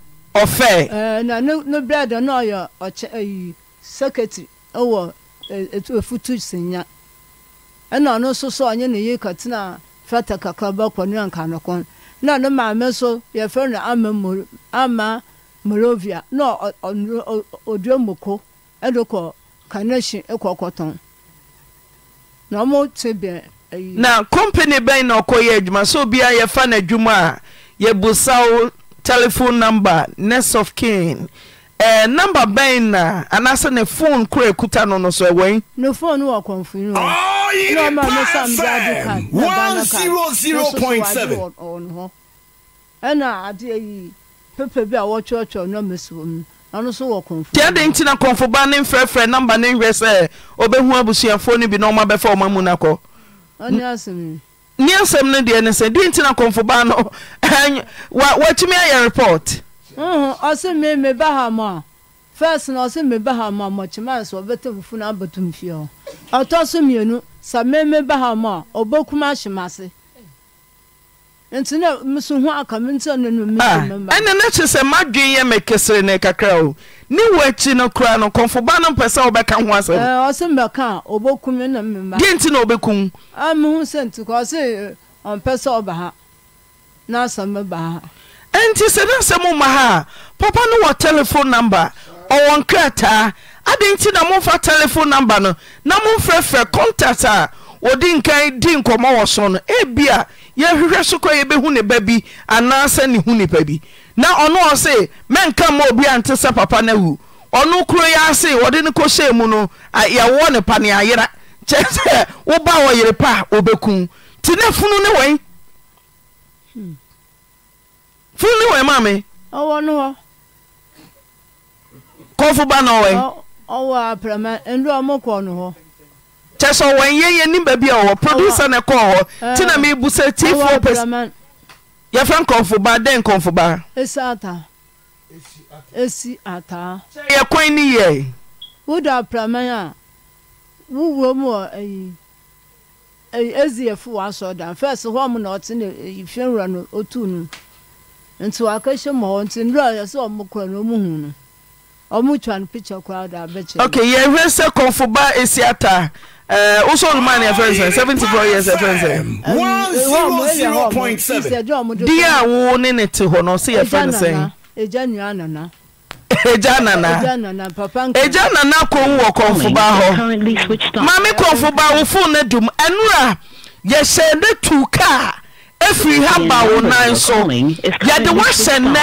ɔfɛɛne eh, brɛda na eyi ɔyɛ ɔkyɛ sekretary wɔ ɛfutu sinya ɛna ɔno nso so ɔnye ne yi kɔtena fɛta kakraba kɔnea nkanokɔn na ne maame so yɛfrɛ na ama ah, mori ama morovia na ɔdua moko ɛde kɔ kanahyi eh, kɔ kɔtɔn na ɔmo te bɛ na kompany bɛn na ɔkɔyɛ adwuma sɛ obiaa yɛfa no adwuma a yɛbusawo oh, telephone number next of kin ɛɛ eh, namba bɛn na anaasɛ ne phone kura ekuta no oh, no so ɛwɔ yi. ne phone wɔ kɔnfin o. ɔyiri paasɛm one zero zero point seven. ɛna adeɛ yi pepe bi a wɔtwerɛtwerɛ nɔɔma si wɔn mu ɔno nso wɔ kɔnfin. tí a de ntina kɔnfin ba ne nfɛɛfɛɛ namba ne nhwɛ sɛ ɔbɛhu abusuafoɔ no bi na ɔmo abɛfa ɔmo amu nakɔ. ɔni asemi ne asɛm no deɛ ne sɛ deɛ nti na kɔmfo baa no watumi ayɛ report ɔse me meba ha ma first na ɔse meba ha ma mɔkyema sɛ ɔbɛtɛ fufu no abatom fie hɔ ɔtɔ so mmienu sɛ me meba ha ma ɔbɛkum ahye m ase nti ah, ɛne ne kye sɛ m'adwen yɛ mɛkɛsere ne kakra o ne woakyi no koraa no kɔmfo ba no mpɛ sɛ wobɛka ho asɛmdeɛ eh, nti na obɛkum ah, eh, ɛnti sɛ ne sɛ momma ha a papa no wɔ telefone number ɔwɔ nkrataa adɛn nti na momfa telefone number no na momfrɛfrɛ contact a wɔdi nkan di nkɔmmɔ wɔ so no ebia yɛhwehwɛ so kɔ yɛbɛhu ne ba bi anaasɛ ne hu nipa bi na ɔno ɔ se mɛnka ma obi ante sɛ papa na awu ɔno kuro yi ase wɔde no kɔhyɛɛ mu no yɛwɔ ne pa ne ayera kyɛɛ sɛ woba wɔ yere pa a obɛku nti ne funu ne wɔn hmm. funu ne wɔn maame ɔwɔ no hɔ kɔfo ba na ɔwɔ ɔwɔ aprama ndu ɔmo kɔ no hɔ kyɛ sɛ ɔwɔ nyɛ yɛ baabi a ɔwɔ producer na ɛkɔɔ hɔ ti na mebu sɛ tifoɔ pɛ yɛfrɛ nkɔmfo baa dɛn nkɔmfo ata, yɛ kwan ne yɛ wodo apraman a wowuo mu wɔ ayi eziyɛfo w'asɔ dan fɛs hɔ mu na ɔte ne fiewura no otu no nti wakɛhyɛ ma hɔ nti nnura yɛ sɛ ɔmo kora no ɔmo hu no ɔmo twa no picture koraa ɔde abɛkyerɛ okay yɛhwɛ sɛ kɔnfo ba esi ata ɛɛ eh, woso olumma ni ɛfɛn sɛ seventy four years ɛfɛn sɛ. one eh, zero zero eh, point seven. di a wo ne ne te hɔ no ɔsi yɛfɛn sɛn. Nana, nua nana. ɛgya nana ɛgya nana kɔn wɔ kɔnfo ba hɔ maame kɔnfo ba wo fone ne dum ɛnura yɛhyɛ ne tu kaa. ɛfiri ha eh, eh? ba e e wo nan so yɛde woahyɛ nnɛ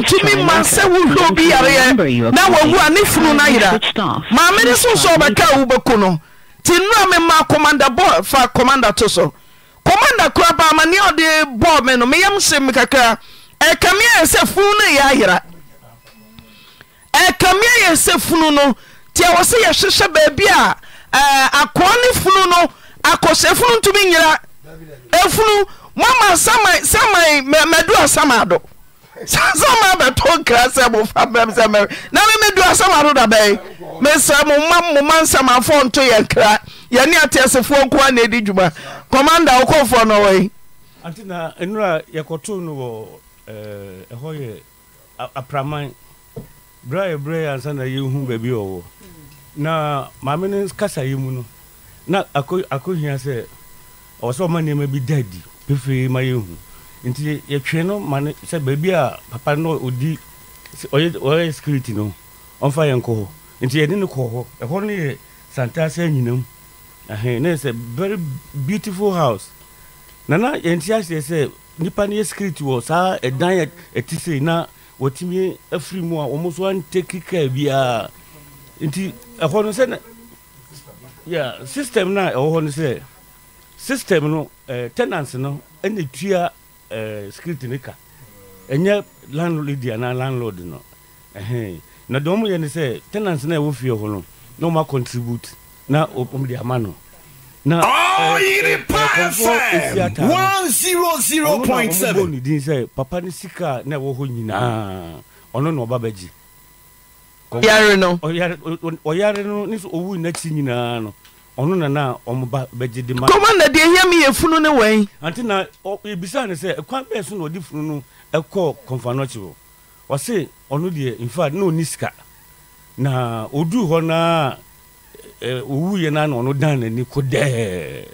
ntumi ma sɛ wohow bi yareeɛ na woawu a eh, ne funu no ayera maa mene soso ɔbɛka wobɛku no ti nnera memma comandabo fa comanda to so kmanda kora baamanneɛ ɔde bɔɔ me nomymse mekara ka meayɛ sɛ funu no yɛ ayera ka mea yɛ sɛ funu no ti awɔ sɛ yɛhyehyɛ baabi a aka ne funu no akɔɛfunu ntumi nyiraf mama sɛma madurasɛm ado sɛma bɛtɔ kra sɛ mofa brɛm sɛ mɛ na me meduasɛm ado da bɛyi mesɛ moma moma nsɛm afɔ nto yɛ nkra yɛne a na ɛdi dwuma kɔmanda wokɔfoɔ no wɔyi na ɛnura yɛkɔtoo no wɔ eh, ɛhɔ yɛ apraman berɛ a yɛberɛ yɛ ansa na yɛhu baabi na maame no kasa yɛ mu no na akɔhia sɛ ɔwɔ sɛ ɔma nneɛma bi da hwehwee ma yɛhu nti yɛtwe no ma no sɛ baabi a papa no ɔdi ɔyɛ ɔyɛ security no ɔmfa yɛn kɔ hɔ nti yɛde no kɔ hɔ ɛhɔ no yɛ santaase anyinam ɛhɛn ne sɛ very beautiful house nana yɛnti aseɛ sɛ nipa no yɛ security wɔ saa ɛdan ɛti sei na wɔtumi afiri mu a wɔn nso anteki kaa biara nti ɛhɔ no sɛ na yɛ system na ɛwɔ hɔ no sɛ system no. Eh, tenants no ɛna tua eh, security ne ka ɛnyɛ landlord anaa landlord no na deɛ ɔmo yɛ ne sɛ tenants na ɛwɔ fie hɔ no na ɔmo acontribute na ɔmo de ama no na ɔyiri oh, eh, paafɛ one zero zero point seven ɔmo na ɔmo bɔ ne din sɛ papa ne sika na ɛwɔ hɔ nyinaa ɔno na ɔba bɛgye ɔyare no ɔyare no ne sɛ owu n'akyi nyinaa no. ɔno nana ɔmoba bɛgye de ma tɔma na deɛ ɛhia me yɛ funu ne wɛn anti na ɛbisa ne sɛ ɛkwan bɛɛ so na ɔde funu no ɛkɔɔ kɔmfanɔkye hɔ ɔse ɔno deɛ infact na ɔni sika na ɔduu hɔ naa ɔwuyɛ naa na ɔno dan n'ani ko dɛɛ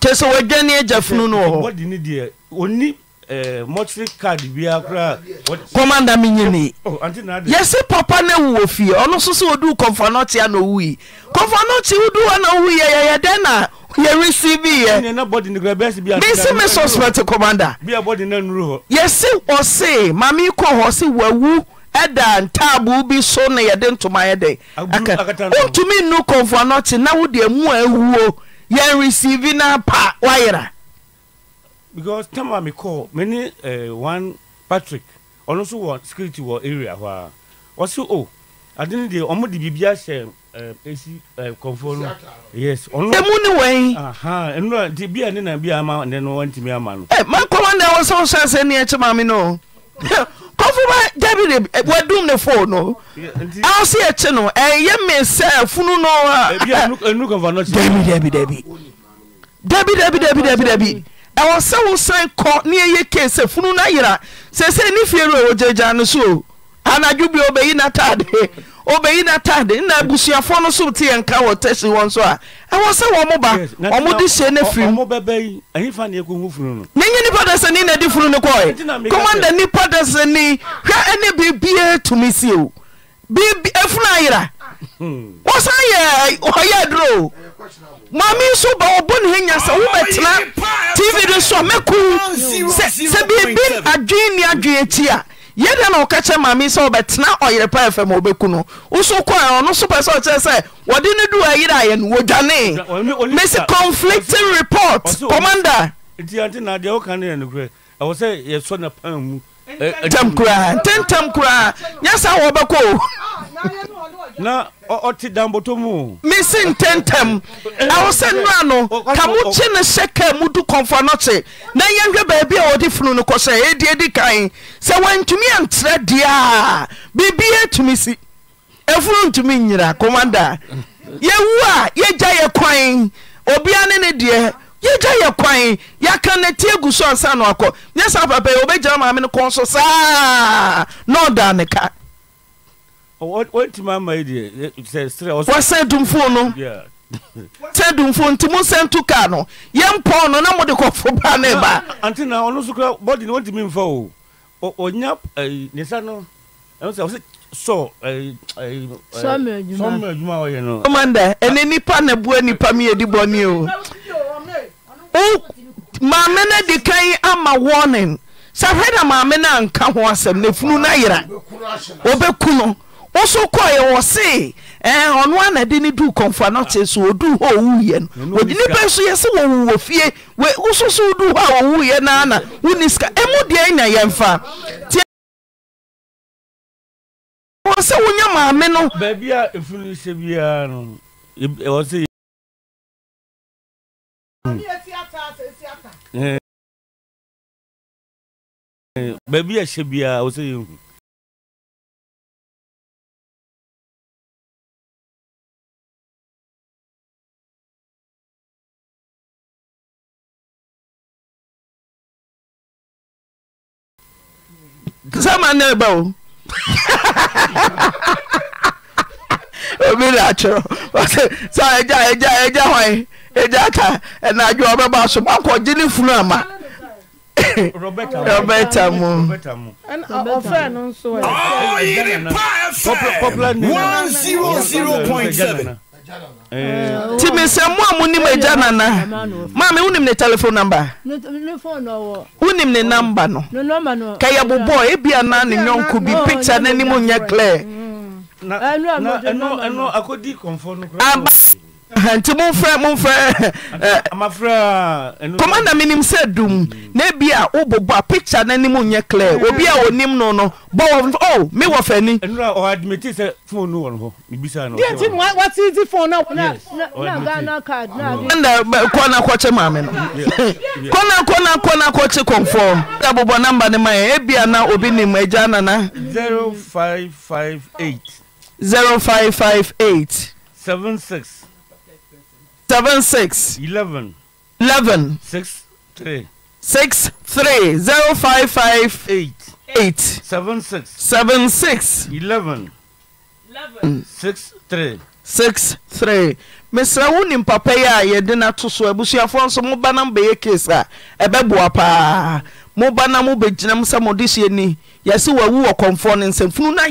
kyɛ sɛ wɔadwane agya funu no wɔ hɔ bɔde ne deɛ ɔni Eh, mɔtiri kaadi bi akora. kɔmanda mi nye ne ye papa ne wu wɔ fie ɔno soso odu kɔnfɔnɔtia na owu yi kɔnfɔnɔti odu hɔ na owu yi yɛyɛ dɛ na yɛri si bi yɛ bisi mi sɔspɛti kɔmanda yɛsi ɔsi maami kɔ hɔ ɔsi wawu ɛda ntaabu bi so na yɛde ntoma yɛ dɛ aka ntumi nu kɔnfɔnɔti na wo deɛ mu a ewuo yɛn resiivi na pa wayera. because time a mi kɔ mi one patrick ɔno nso wɔ security wɔ area hɔ oh, eh, a ɔsi o adi ni de ɔmo de biribi ahyɛ ɛɛ esi ɛɛ kɔnfɔ no yes ɔno. emu ni wɔn yi. ɛnu na ti bi a ne na bi a ama ne no wɔn ti mi ama no. ɛ maa kɔma na ɛwɔ sɛ ɔsɛ ɛsɛ ni ɛkyɛ maame no kɔfuma dabi de wadum ne fone no ɔsi ɛkyɛ no ɛyɛ mɛsɛ funu no a. dabi dabi dabi dabi dabi dabi dabi dabi. ɛwɔ sɛ wo sane kɔ ne ɛyɛ ke sɛ funu no ayera sɛsei ne fie ro a wɔgyagya no so anadwo bia obɛyi notade obɛyi notade na abusuafoɔ no so te yɛ nka wɔ tɛsi wɔn so a ɛwɔ sɛ wɔ mo ba ɔmode hyee no firim nenye nipa da sani na adi funu no kɔe komanda nnipa da sani hwɛ ɛne biribiaa tumi sie o afunu ayera hmm. wɔ san yɛ ɔyɛ aduro o maame nso ba wɔbɔ ne hanya wobɛtena tv de so a mɛku sɛ biribi akyi a yɛdɛn na wɔka kyerɛ maame sɛ wɔbɛtena ɔyere pa ma wɔbɛku no woso kɔa ɔno so pɛ sɛ ɔkyerɛ sɛ wɔde no du a ayɛ no wɔdwanee conflicting report commander ntɛm koraa ntɛntɛm koraa nyɛ sa wɔbɛkɔ o na ɔte dambɔtɔ mu mesi ntɛntɛm ɛwo sɛ nnura no ka mokye ne hyɛ ka mu du kɔmfa no kye na yɛnhwɛ baabi a wɔde funu no kɔ sɛ ɛdi e adi e kan sɛ wɔantumi antrɛ deɛ a biribia atumi si ɛfunu ntumi nyira kɔmanda yɛwu a yɛgya yɛ kwan obia ne ne deɛ yɛgya yɛ kwan yɛaka ne ti agu so ansa no akɔ nyɛ saa papa yɛ wobɛgyina maame no kɔn so saa na ɔda ne ka wɔsɛ dumfuo no sɛ dumfuo nti mo nsɛ nto kaa no yɛmpɔn no na mode kɔfo baa ne ba ante na ɔno so kora bɔde no wɔntumi mfa o ɔnya ne sa no ɛno sɛ ɔsɛ sọ sọmọ adwuma ọyẹ no. ọmọ ndẹ ẹni nipa na bu nipa mi yẹ di bọ ni o. maame no de kan ama warning sɛ hwɛ na maame no anka ho asɛm ne funu no ayera ɔbɛku no wo so kɔeɛ wɔ see ɔno ana de ne duu kɔmfoa no te so ɔduu hɔ ɔwuiɛ no nnipa so yɛ sɛ wɔwu wɔ fie wo so so woduu hɔ a wɔwuiɛ no ana woni sika ɛmu deɛ nya yɛmfa nti wɔ sɛ wonya maame no baabi a ɛfunu sɛ biara no ɛwɔ sɛ Eh, baabi a ɛhyɛ biara wɔ sɛ yɛhu sɛ ma na ɛbɛ o obi na akyerɛ ɔsɛ sɛ ɛgya ɛgya ɛgya hwan ɛgya ka ɛna ɔbɛba so mankɔ gye ne funu ama roberta mu ɔfrɛ no nso ɛ ti mi sɛ a mu agya nana maame wonim ne telephone number wonim ne number no ka yɛ ebia na ne nyɔnko bi picture n'anim nyɛ clear mm. Eh, ah, eh, nti momfrɛmomfrɛkɔmanda eh, menim sɛ dum hmm. na bi a wobobɔ a pikta no anim nyɛ klɛɛ hmm. obi a ɔnim no no bɔ oh, mewɔ fanikɔna maame no kɔna kɔkye kɔnfɔ abobɔ no ma ɛ ebia na obi nim agya nana 0558 3 mesrɛ wo nimpapayi a yɛde no to so abusuafoɔ nso moba nam bɛyɛ kes a ɛbɛboa paa moba nam mobɛgyinam sɛ mode sie ni yɛse wawu wɔ kɔmfoɔ no nsɛ funu nor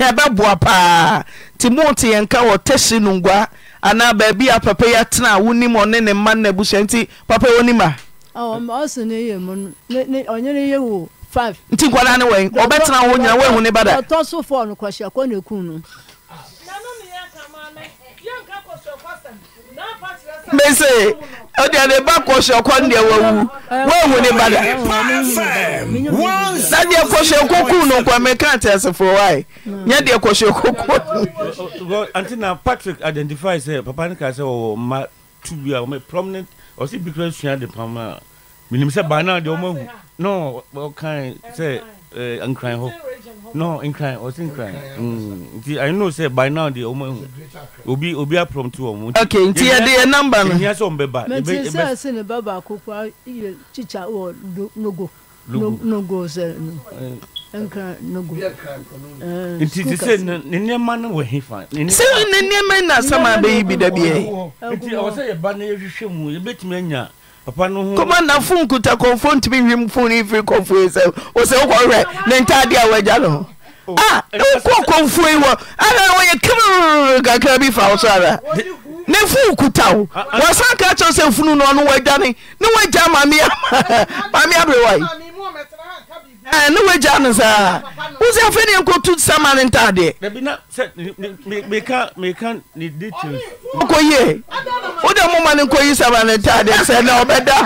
ɛbɛboa paa nti mote yɛnka wɔ tɛsi no ngua anaa a papa yi atena a wonim ɔne oh, ne mma no abusua nti papa yi wonim a nti nkwadaa ne wɔi ɔbɛtena wo nyina woahu ne bada mese ɔde ne ba kɔhyɛ kɔ ne wawu wawu ne bada na deɛ kɔhyɛ koku no nkwa meka tɛsefo wae nyɛ deɛ kɔhyɛ koku anti na patrick identify sɛ papa ne ka sɛ wɔwɔ mma tu bi a wɔmɛ prominent ɔse bi kora sua de pam a menim sɛ baa no a deɛ ɔmahu no ɔkan sɛ nkran eh, hɔ no nkran ɔsi nkran nti i know say by now the Omo ehu obi obi apromptu ɔmo. Okay, nti yɛ de yɛ namba no. yɛn sɛ ɔmo bɛ ba. mɛ ti sɛ ɛsɛ ne ba baako kura yɛ kyikyia wɔ nogo nogo sɛ nkran nogo. nti ti sɛ ne nneɛma no wɔ he fa. sɛ ne nneɛma na sama bɛyi bi dabi yɛ. nti ɔsɛ yɛ ba na yɛ hwehwɛ mu yɛ bɛ tumi anya. cmana fu kuta kɔnfuo ntimi w fonefiri kɔnfuɔyi sɛ wo sɛ wokɔwɛ ne ntaade a wɔagya no hɔ wokɔɔ kɔnfuoi wɔ anɛ wɔyɛ krre kakra bi fa wo so ara ne fu kuta wo wɔsan ka kyɛɛwo sɛ funu nɔɔno wɔagyane ne woagya maea mamea berɛwae ne wagya no saa wosi afei ne yɛnkɔtu sama ne ntaadeɛ wokɔyie wode moma ne nkɔyi sama ne ntaadeɛ sɛ na ɔbɛda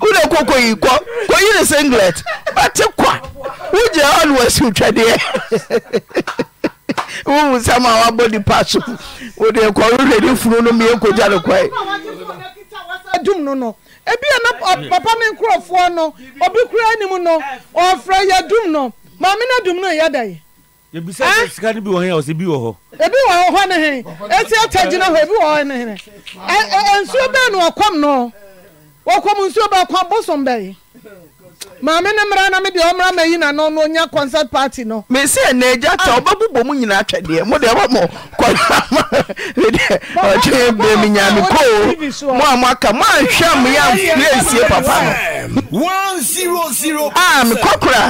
wode kɔ kɔyi kɔ kɔyi ne singlet bɛte kwa wogyina hɔ ne wasi twadeɛ wowu sama a wabɔ nipa so wode kɔ wohwɛ ne funu no meyɛnkɔgya no kwae Ebi ebia na papa ne nkurɔfoɔ no obi kura anim no ɔfrɛ yɛdum no maame no dum no yɛ dɛn. yɛbisa sɛ sika no bi wɔ hɛn ɔsɛ bi wɔ hɔ. ebi wɔ hɔ ne hɛn esi ɛtɛ gyina hɔ ebi wɔ hɔ ne hɛn ɛ ɛ nsuo bɛɛ na ɔkɔm no wɔkɔm nsuo bɛɛ kɔm bosom bɛɛ. maame ne mmara na mede ɔmmra mayi nano no ɔnya concert party no mesi ɛna agya ta ah. ɔbɛbobɔ mu nyinaa twɛdeɛ mode ɛbɛmɔ kɔdeɛ bɛmi nyame koo mo a moaka moanhwɛ m yɛ papa no a mekɔkora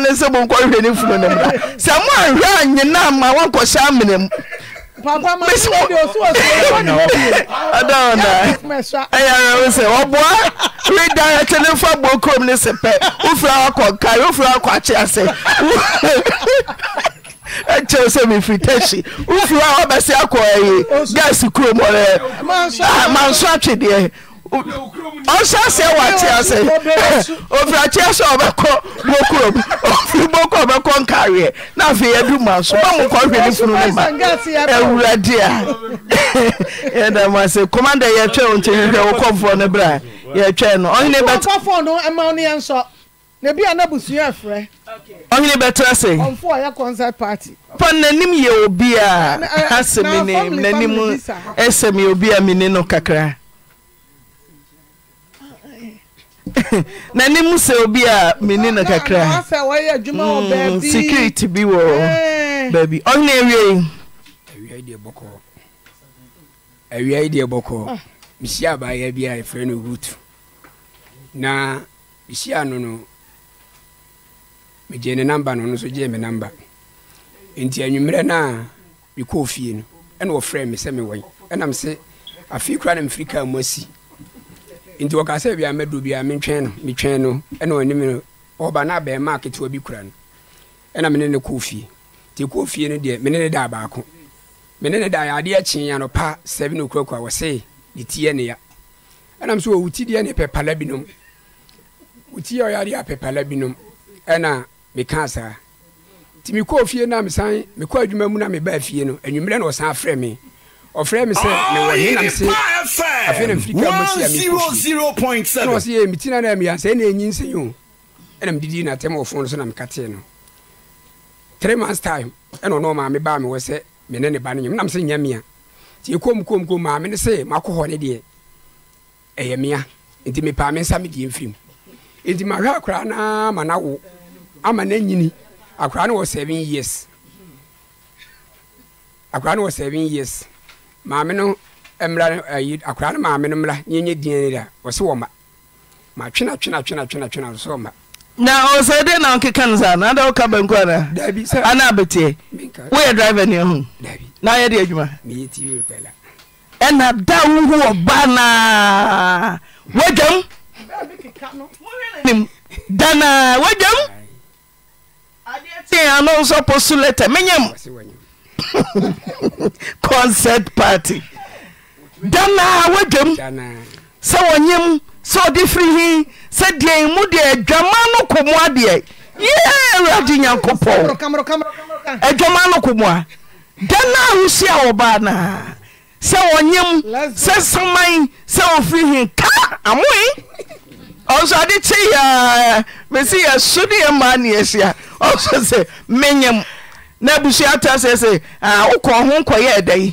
ne sɛ bonkɔhwɛ ne funu no mmra sɛ moanhwɛ anyena ma wonkɔhyɛ amene papa ma mesi wɔ ɛyɛrɛ wo sɛ ɔboa redirect ne mfa bɔ kurom ne se pɛ wofira wakɔ kare wofira wakɔ akye ase ɛkyɛw sɛ mefiri tahyi wofiri a wabɛse akɔ ayi gas kurom ɔrɛ manso atwedeɛ ɔhyɛ aseɛ wɔ akyea sɛ ɔfiri akyea sɛ ɔbɛkɔ bokurom ɔfiri boku ɔbɛkɔ nkareɛ na du yɛaduma so ba mo nkɔhwɛ ne funu ne ma awurade a yɛdam ase komanda yɛtwɛ wo nti hwehwɛ wo kɔfoɔ no berɛ a yɛtwɛn no ɔhene bɛt ɔhene bɛtra sɛ pa nanim yɛ obi a asɛm ni, nanim asɛm yɛ obi a menni no kakra na n'anim sɛ obi a menni no kakra mm, security bi wɔ eh. baabi ɔhene awiei awiai deɛ bɔkɔɔ ah. mehyia abaayɛ bi a no na mehyia no no megye ne namba no no nso gyee me namba nti anwummerɛ no a mekɔɔ fie no ɛna ɔfrɛ me sɛ mewɔe ɛnam sɛ afei koraa na mefiri kaa mu asi nti wɔka sɛ bia mɛdo bia metwɛn no metwɛn no ɛna ɔnim no ɔba na abɛɛma aketewa bi kura no ɛna mene ne kɔɔ fie nti kɔɔ fie no deɛ mene ne daa baako mene ne daa adeɛ kyee anɔpa sɛbi no kurakura wɔ se ne tiɛ ne ɛnam sɛ ɔwu ne pɛpala binom wotiɛ ɔyɛ apɛpala binom ɛna meka saa nti mekɔɔ fie na mesan mekɔ adwuma mu na mebaa fie no anwummerɛ na ɔsan frɛ me ɔfrɛ me sɛ mewɔ he nam se afei na mfiri ka mɔsia mena ɔse yɛ metina na mia sɛ ɛna ɛnyi nsɛi o ɛna medidi natɛm wɔ fon so na meka tee no three months time ɛna ɔne ɔmaa mebaa mewɔ sɛ mene ne ba no nyɛ menam sɛ nyɛ mea nti yɛkom kom kom maa mene sɛ makɔ hɔ ne deɛ ɛyɛ mea nti mepaa me nsa medeɛ mfirim nti mahwɛ akoraa no ama no wo ama no anyini akoraa no wɔ seven years akoraa no wɔ seven years maame no mmra ayi akwadaa no maame no mmra nyenye diin da wɔsi wɔn ma ma twena twena twena twena twena so wɔn ma. na ɔsɛ oh, de na ɔkeka no saa na ada woka banku ana dabi sɛ ana abetiɛ woyɛ driver ne ɛho dabi na yɛ de adwuma meyɛ tv repɛla ɛna da wohu wɔ ba naa wadwam nim da naa wadwam adeɛ tee ano nso po so lɛtɛ menyam concrt party da naa woadwam sɛ wɔnyim sɛ ɔde firi hi sɛ deɛ ni mu deɛ adwama no kɔmmoa deɛ yɛ awurade nyankopɔ adwama no kɔmmoa da naa hosi a wɔbaanaa sɛ ɔnyim sɛ sama ni sɛ wɔfiri hii ka amoi ɔsɔ ade kyɛ yɛa mɛsi yɛso ne yɛmaa nneɛhia ɔs sɛ menyɛm na abusua ataseɛ sɛ wokɔho kɔyɛ adai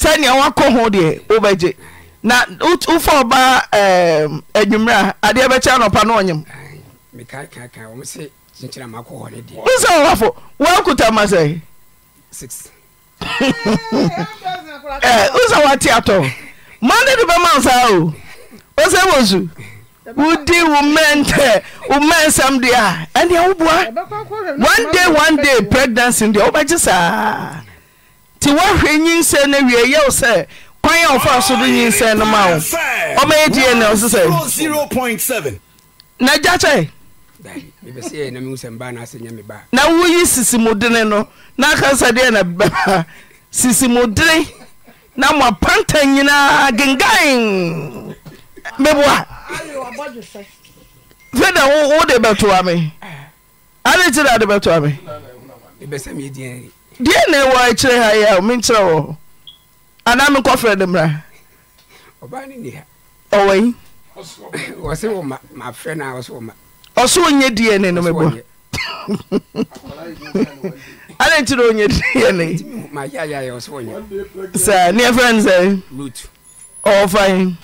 sɛ ah, nea woakɔho deɛ wobgy n wofa ɔba ehm, adwumerɛa adeɛ bɛkyi nɔ pa ne ɔnymwos w woatama sɛosa eh, woati atɔ made de bɛmasaao ɛ bs wodi wo meɛnɛ wo mrɛ nsɛm deɛ a ɛdeɛ woboa dd prgnancyndeɛ wobɛkye sɛa nti woahwɛ nyinsɛ no awie yɛwo sɛ kwan ɛ wofa so do nyinsɛ nomaa wo ɔmɛyɛgyeɛne ɔse sɛ0 na gya kyɛ na woyi sisimudene no na akasade na bɛa sisimudene na moapanta nyinaa gengain meboa fɛ da wode bɛtoa me ade nti na wode bɛtoa me deɛ ne ɛwɔ akyerɛ ha yi a menkyerɛ wɔ anaa menkɔfrɛ ne mmra ɔwɔi ɔso ɔnyɛ dna no meboa ade nti na ɔnyɛ dna saa neɛfrɛ no sɛ ɔwɔ fae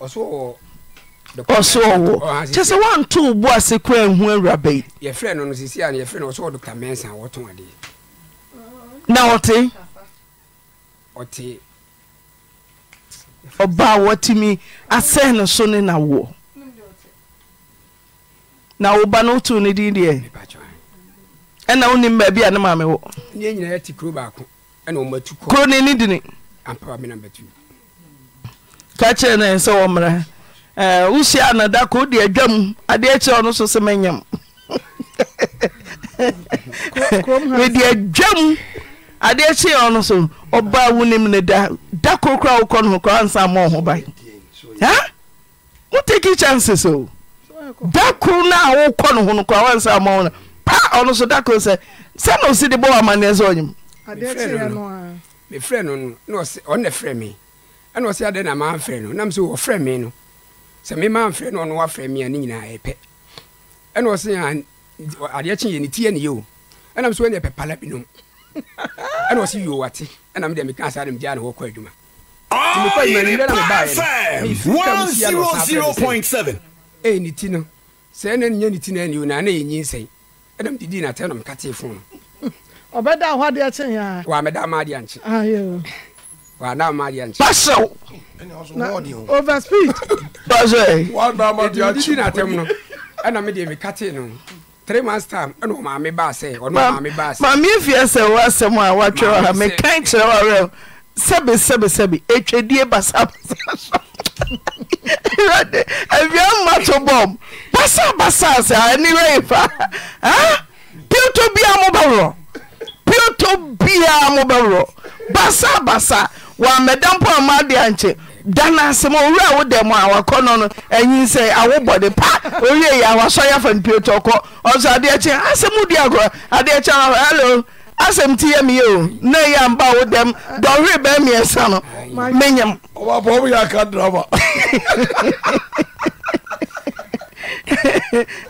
ɔso wɔ ɔso wɔ kyɛ sɛ wanto wo bo ase kora nhu awuraba yi yɛfrɛ no no sisi a yɛfrɛ no ɔso wɔ dr mensa wɔtɔn adeɛ na ɔte ɔte ɔbaa wɔtumi asɛn no so ne nawoɔ na woba no wotu ne din deɛ ɛna wonim baabi a ne maame wɔ kuro ne ne dini ka ne sɛ wɔ mmara eh, wohyia na da ka wode adwa mu adeɛ kyerɛ ɔno so sɛ manyam mede adwa mu adeɛ kyerɛ ɔno so ɔbaa wonim ne da da koro kora wokɔ no ho kora ansa ma ɔho ba ha woteki chances o da koro no a wokɔ no ho no kora wansa ma pa ɔno so da koro sɛ sɛ na osi de bɔ amanneɛ sɛ ɔnyim mefrɛ no no na ɔnɛ frɛ me ɛna ɔsɛ adɛ na mamfrɛ no nam sɛ wɔfrɛ me no sɛ me mamfrɛ no ɔno wafrɛ me a ne nyinaa ɛpɛ ɛna ɔsɛ adeɛ kye yɛ ne tiɛ ne yɛ o ɛnam sɛ wɔnyɛ pɛpala binom ɛna ɔsɛ yio wate ɛnam deɛ meka saa de megyaa ne wɔkɔ adwuma ɛɛ ne ti no sɛ ɛna nyɛ ne ti no anio naa na yɛnyi nsɛn ɛnam didii natɛ no meka tee fo no ɔbɛda hɔ adeɛ kye aa wɔamɛda ma adeɛ ankye wà á náà má yẹn. báṣẹ o. over speed. báṣẹ. wà á náà di àjẹ. ìdí nà tẹ́mu nù ẹnna mi di èmi kàtí nù three months time ẹnna ọmọ àmì bá a sẹ ọdún ọmọ àmì mi a sẹ. maami efi wa wọ asẹm a wàtwẹ wà hàn mi kàn kyerẹ wà rẹ sẹbi sẹbi sẹbi etwedie basa basa ẹwurade ẹwia mmato bọm basa basa asẹ ẹniwẹ ifa pioto bia mo bẹ wọ pioto bia mo bẹ wọ basa basa. wɔammɛda mpo amaade a nkyɛ da no asɛm ɔwura a wo dɛ m a wakɔ no no anyin sɛ awo bɔde pa ɔwie yɛ awasɔre afa npiotɔ kɔ ɔso adeɛ dị asɛm wodi agorɔ adeɛ kyɛ halo asɛm ti yɛ meyɛ o na ya amba wo dɛm dɔhwere bɛɛ mmiɛnsa no menyam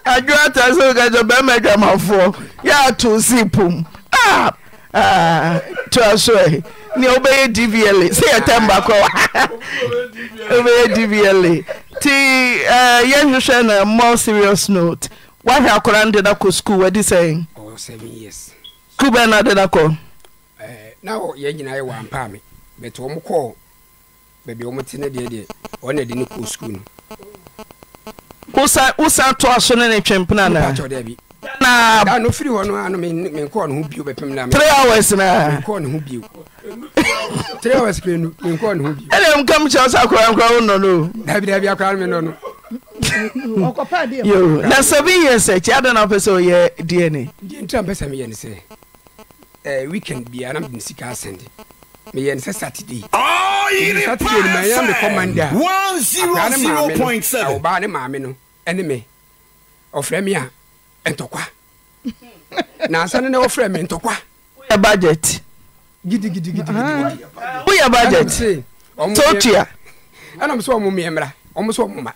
adwoa ta sɛ wokadwa bɛrima adwamafoɔ yɛ ato sii pom ah! Ah, ah, ah. toa so nea wobɛyɛ dvla sɛ yɛtɛmba kɔ oh. wobɛyɛ dvla nti yɛnhwehwɛ na more serious note woahwɛ akora no de no akɔ skuul wadi sɛ skuul bɛn no de na yɛn nyinaa yɛ wɔampaa me bɛte wɔm kɔɔ baabi wɔm te no deɛ deɛ ọ na no kɔɔ skuul Wụsa wosan toa so ne ne naa na. da no firi hɔ no ano mi mi ne ho bio bɛ na. three hours na. mi ne ho bio. three hours pe nu mi nkɔ ne ho bio. ɛna nka mu kyɛw sɛ akɔrɔ nkɔrɔ nɔ no. dabi dabi akɔrɔ mi nɔ no. ɔkɔ paa deɛ. yoo na seven years ɛkyi adan na ɔpɛ sɛ ɔyɛ deɛ ne. deɛ n tura mpɛ sɛ mi yɛ ne sɛ ɛɛ weekend bi anam de sika asɛnde mi yɛ ne sɛ saturday. ɔyiri paase saturday ni ma mi kɔ mande one zero zero point seven. akɔrɔ ne maame no ɛwɔ baa ne ɛne mi ɔfrɛ mi a. ntɔkwa na wɔfrɛ ntɔkwa woyɛ budget ah. woyɛ budget totua ɛnam ma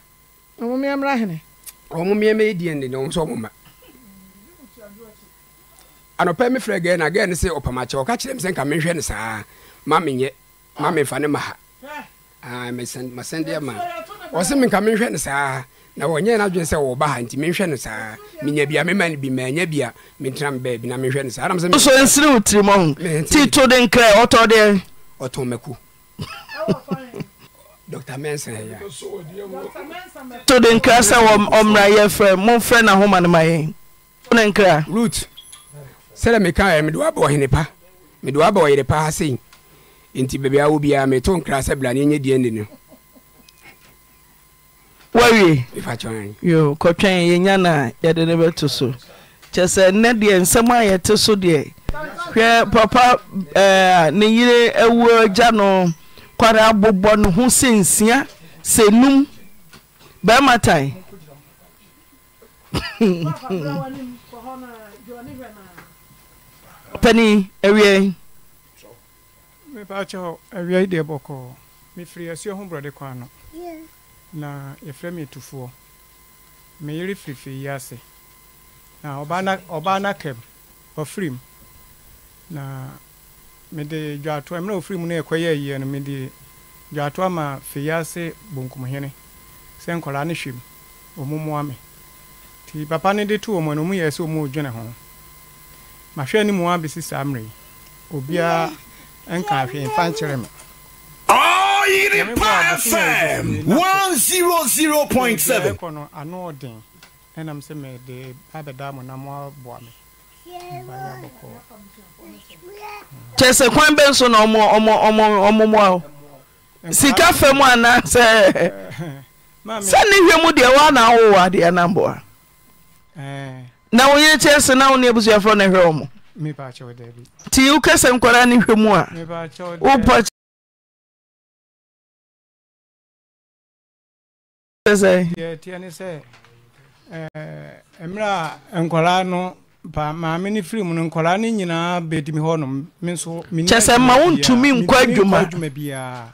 ma anɔpɛ gɛɛ na gɛɛ sɛ ɔpamakyɛ ɔka kyerɛ sɛ nka saa ma ma nfa ni ma ha ah, ma nka saa na wɔnyɛ no adwene sɛ wɔba ha nti menhwɛ no saa menya bia mema no bi maanya bia metena me baabi na menhwɛ no saa nam sɛso nsere wo tirim ho tito de nkrɛ ɔtɔ deɛ ɔtɔn mako dr menson ɛyɛ to de nkra sɛ ɔmmra yɛfrɛ momfrɛ no no ma yɛn ne nkra root sɛdɛ meka ɛ mede woaba ɔhene pa mede woaba ɔyere pa ha sei nti baabi a wo biara meto nkra sɛ bra ne ɛnyɛ ne no wawie yo kɔtwɛn yɛnya na yɛde ne bɛto so kyɛ sɛ nnɛ deɛ nsɛm a yɛte so deɛ hwɛ papa ɛɛ eh, ne yere awuo gya no kware abobɔ ne ho sɛ nsia sɛ num bɛrima tan panin awie. mepaakyɛw awie deɛ bɔkɔɔ mefiri asuo ho borɔde kwan no. na yɛfrɛ me ɛtufoɔ meyere firifiri yi ase na ɔbaa na kɛm ɔfiri na mede dwaatoa mmerɛ ɔfiri mu no yɛkɔyɛ yie no mede dwaatoa ma fii ase bonkumhene sɛ nkɔraa ne hwɛ mu me nti papa no de to ɔ mu mu yɛ sɛ ɔmu ɔdwene ho mahwɛ anim a bɛsi saa mmerɛ yi obiaa nka ahwee mfa nkyerɛ me ah! ọ̀yìnrìpa fm one zero zero point seven. ẹ̀kọ́ nọ àná ọ̀dìn ẹ̀nà mi sẹ́ mi ẹ̀dẹ̀ mu nà mo bọ̀ mi. kyerɛsɛ kwan bɛ nso na ɔmɔ ɔmɔ ɔmɔ ɔmɔ mu awo sika fɛ ana sɛ sɛ ne mu deɛ waa na awo wɔ na mbɔ na wɔyɛ kyerɛsɛ na wɔn ne ebusuafoɔ na hwɛ wɔn. nti wokɛsɛ nkwadaa ne hwɛ mu a tiɛne mmerɛ a ma wontumi nkɔ adwuma biaa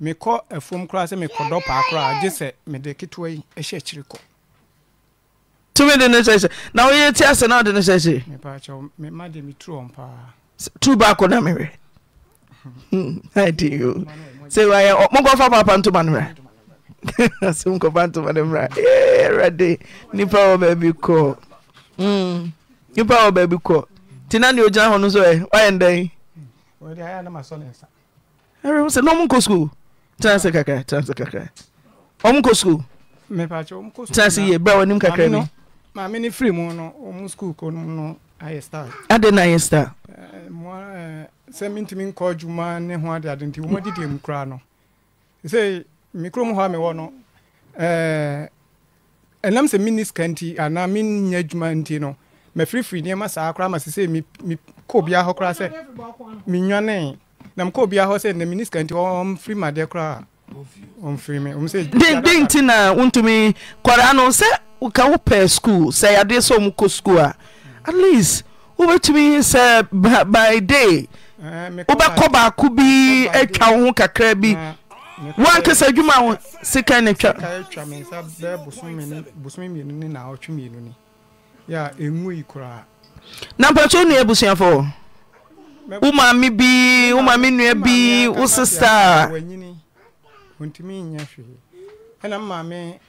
mekɔ afuom koraa sɛ mekɔdɔ paa koraa gye sɛ mede ketewa yi ɛhyɛ akyiri kɔ tumi de no hyɛhyɛ na woyɛ ti na wode no hyɛhyɛ baako na mewɛ hmm, sɛ wayɛ ntoma asɛm nkɔba ntoma ne mmra awurade nnipa wɔ baabi kɔ nnipa mm. wɔ baabi kɔ nti na neɛ ogyina hɔ no so ɛ woayɛ ndɛn sɛ na ɔmo nkɔ sukuu tena se kakra tena se kakra ɔmo nkɔ sukuu tena yie wɔnim kakra ni maame ne firi mu no ɔmo sukuu kɔ no no ayɛ star na ayɛ star sɛ nkɔ adwuma nti mu no sɛ me kurom hɔ a mewɔ no eh, ɛnam sɛ menni sika nti anaa mennya adwuma nti no mafirifiri nneɛma saa koraa ma sɛ mi mekɔɔ bia hɔ koraa sɛ menwane na mekɔɔ bia hɔ sɛ na menni sika nti ɔmfiri madeɛ koraa ɔmfiri me ɔmsɛdɛn nti na wontumi kɔraa no sɛ woka wopɛɛ school sɛ yadeɛ sɛ ɔmkɔ school a at least wobɛtumi sɛ by day eh, wobɛkɔ baako bi atwa wo ho kakra bi wankasa adwuma ho sika ne twa twa me nsa bɛɛ bosome mmienu ne naawɔtwe mmienu ni yɛ ɛnwu yi koraa na mpatwo nua abusuafoɔ wo maame bi wo maame nua bi wo sista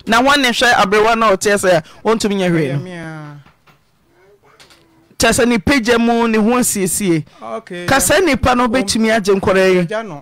na wane hwɛ aberewa na ɔteɛ sɛ a ɔntumi nyɛ hwee no kyɛ ni ne pagya mu ne ho asiesie ka sɛ nnipa no wobɛtumi agye nkɔrɛ yi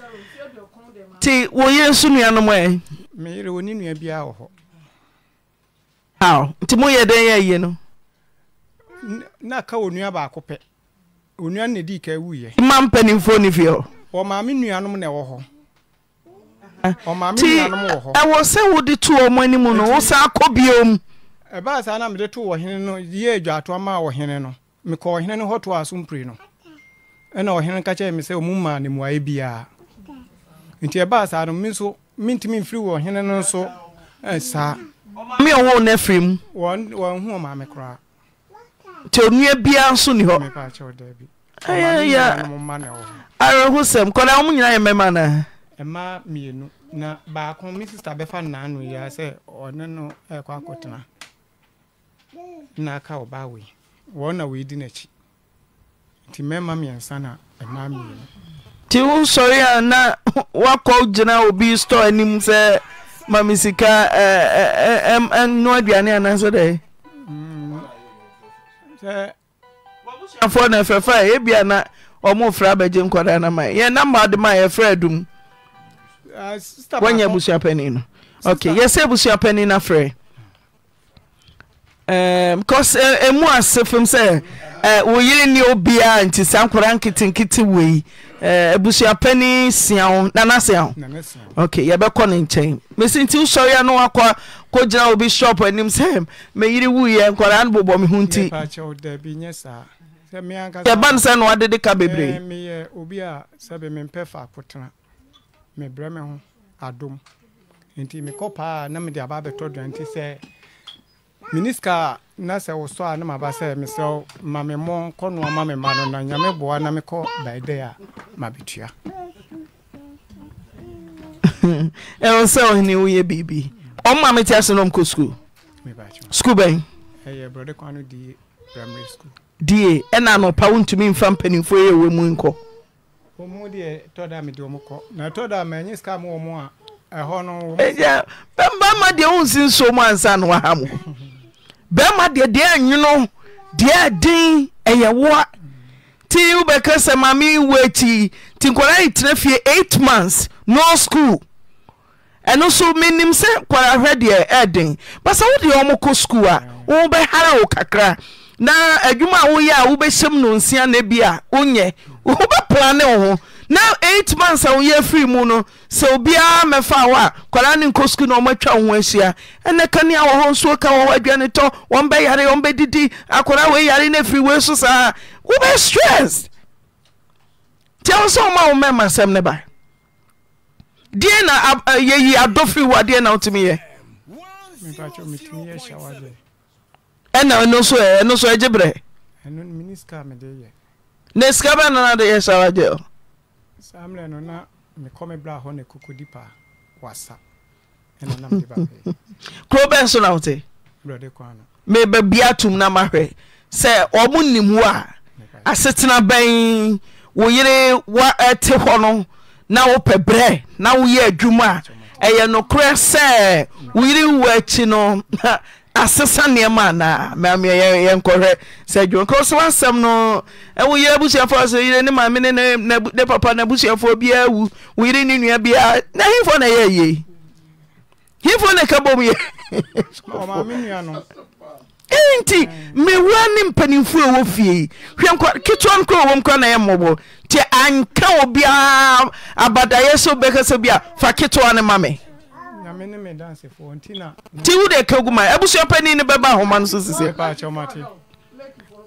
nti wo yere so nnuanom ɛ meyere ɔni nnua biaa họ? hɔ nti moyɛ dɛn no na ka ɔnua baako pɛ ɔnua no na ka wuiɛ ma mpanimfoɔ ne fie hɔ ɔmaame nnuanom na ɛwɔ hɔ ti ɛwɔ sɛ wode to ɔ m animu no ɛbaa no ɔhene no ɔhene no hɔ no ɛna ɔhene sɛ ne nti ɛbaa saa no so mentumi mfiri wɔ hene no nso eh, saa me ɔwɔ no afiri mu wɔnhu maame koraa nti onua biara nso ni hɔ awerɛho sɛm kɔda wɔm nyina yɛ mɛma no ɛma mmienu na baako me sister bɛfa nnaano yia sɛ ɔne no ɛkɔ eh, akɔtena na aka ɔbaa wei wɔn na wɔdi n'akyi nti mɛma mmiɛnsa na mmaa mmienu nti wosɔre a na wakɔ gyina obi store anim sɛ mami sika ɛnua aduane anaasɛ dɛ. sɛ. afoɔ na ɛfɛɛfɛ a ebi ana ɔmo fira abɛgye nkɔdaa na ma yɛn namba de ma yɛfrɛ dum ah, wɔnyɛ abusua panyin no ok yɛsɛ abusua panyin na frɛ ɛɛm kɔs ɛmu ase fam sɛ. Eh, wo ni obi a nti saa nkora nketenkete wei eh, abusuapani sia wo nanasia ho yɛbɛkɔ ne nkyɛn mesi nti wosɔrea no wakɔ kɔgyina wobi shop anim sɛ meyere wuiɛ nkɔraa no bobɔ me ho ntiyɛba no sɛ eh, na wadede ka bebree miniska na sɛ wosɔ a ne ma ba sɛ mesɛ ma me mmɔ kɔnoa ma me ma no na nyame boa na mekɔ baidɛ a ma bɛtua ɛwɔ sɛ ɔhene woyɛ biribi ɔma mete ase no mkɔ skul skul bɛn die ɛna anɔpa wontumi mfa mpanimfoɔ yɛ wɔ mu nkɔ ɔmu na tɔda manyɛ sika a bɛma deɛ wonsi nsom ansa no waham bɛma deɛ deɛ nwono deɛ aden ɛyɛ woa nti wobɛka sɛ mame woakyi nti nkwara yɛtena fie eight months no skuul ɛno nso menim sɛ kwarahwɛ deɛ ɛden bɛ sɛ wodeɛ ɔmokɔ skuul a wo bɛhara wo kakra na adwuma a woyɛ a wobɛhyɛm no nsia na bi a wonyɛ wobɛpla ne wo ho na emonths awoyɛ fre mu no sɛ obiaa mɛfahoa kaa no nkos no ɔma ta woo sia nɛ kanawh suo ka woɛ osɛ ma mmasɛ eh, f Samle mmerɛ no na mekɔ me bra hɔ na kokodi pa wasa ɛna nam de bapɛ kuro bɛn so na wote brɛde kwan no mebɛbia na mahwɛ sɛ ɔmo nim wo a asetena bɛn wo yere wa ɛte hɔ no na wopɛ berɛ na woyɛ adwuma a ɛyɛ nokorɛ sɛ wo yere wo akyi no asesa nneɛma anaa maame yɛ yɛ nkɔhwɛ sɛ dwom kɔ so asɛm no ɛwo yɛ abusuafoɔ so yere ne maame ne ne ne papa ne abusuafoɔ biara wu wo yere ne nua biara na hinfoɔ na yɛ yie hinfoɔ na ɛka bom yɛ eh, nti mewura ne mpanimfoɔ ɛwɔ fie yi hwɛ nkɔ ketewa nkɔ ɛwɔ nkɔ na yɛ mmɔbɔ nti anka obiara abadaeɛ so bɛkasa bi a fa ketewa ne ma me nti wode ka gu ma abusua pani ne bɛba ahoma no so sisiɛ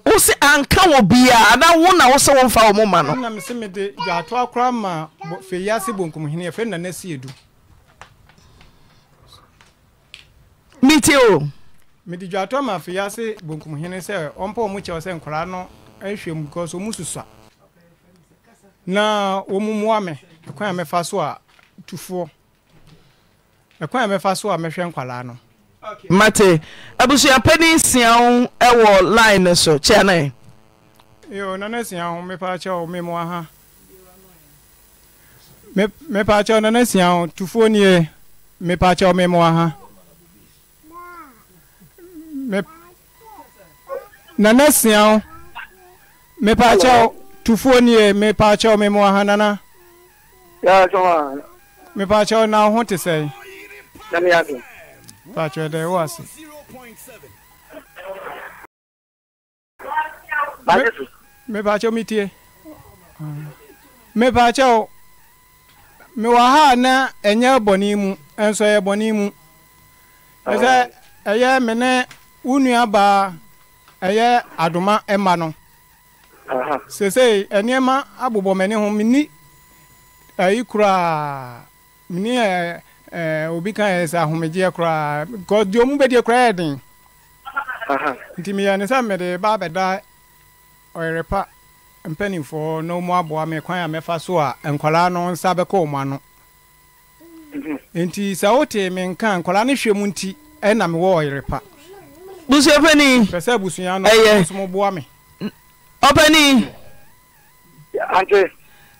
wo se anka wɔ bia anaa wo na wo sɛ wɔmfa wɔ mo ma no mete o mede dwato ma afei ase bonkumhene sɛ ɔmpa ɔmo kyɛw sɛ nkwaraa no ahwɛ mu because ɔmo susa na ɔmo mmoa me ɛkwan a mɛfa so a tufoɔ ɛkwan a mɛfa so a mɛhwɛ nkwalaa no mate abusuapɛni nsia ho ɛwɔ line no so kyɛ ne yo nana sia ho mepa kyɛ wo memo aha mepa kyɛ wo nana sia ho tufuo nie mepa kyɛ wo memo aha nana sia ho mepa kyɛ tufuo nie mepa memo aha nana mepa kyɛ wo na ho te sɛe Damiago. Pacho, ẹ dẹ̀ wá Me pacho mi Me Me ha na ɛnyɛ bɔ n'imu nso ɛyɛ bɔ n'imu. Ɛsɛ ɛyɛ me ne wo mini mini Eh, obi ka yɛ sɛ ahomegyeɛ koraa because deɛ ɔmu bɛdeɛ koraa yɛ den nti meyɛ ne sɛ mede ba bɛda ɔyere pa mpanimfoɔ na ɔmu aboa me kwan a mɛfa so a nkwaraa no nsa bɛkɔ ɔmu ano mhm. nti sɛ wote me nka nkwaraa no hwɛ mu nti ɛna mewɔ pa busua pani pɛ sɛ abusua no ɛyɛ boa me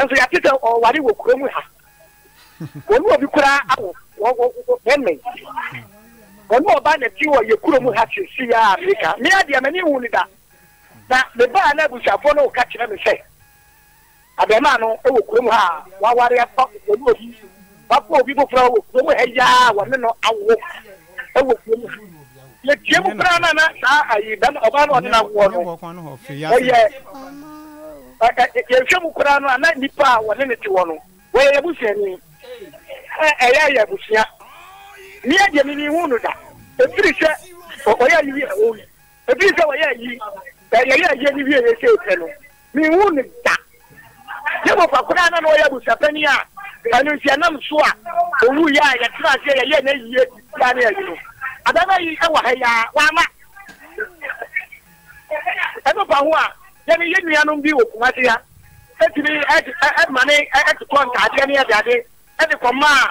nso yɛate sɛ ọwari wọ kurom ha wɔne obi koraa awo bɛmɛn wɔne ọba na ti wɔ yɛ kurom ha sesi yɛ afrika mmea deɛ m'ani wu ni da na na no kurom ha a waware afa obi kurom ha yaa ha mu na na saa yɛhwɛ mu koraa no ana nipa a wɔne ne te wɔ no wɔyɛ yɛbusuani ɛyɛ yɛ abusua ne yɛdeɛ me mehu no da ɛfiri sɛ ɔyɛ ayi a ɛfiri sɛ wɔyɛ ayi yɛyɛ ayi ne wie ɛpɛ no mehu no da yɛ koraa na abusuapani a ɛno nsi ɛnam so a a yɛtena aseɛ yɛyɛ yie ne ayi no ɛwɔ ha yi a ho a yẹni ya nuyanum bi wò kumasi ha etimi ẹdi ẹdi mani ẹdi kọ nka ni ẹdi adi ẹdi kọ mmaa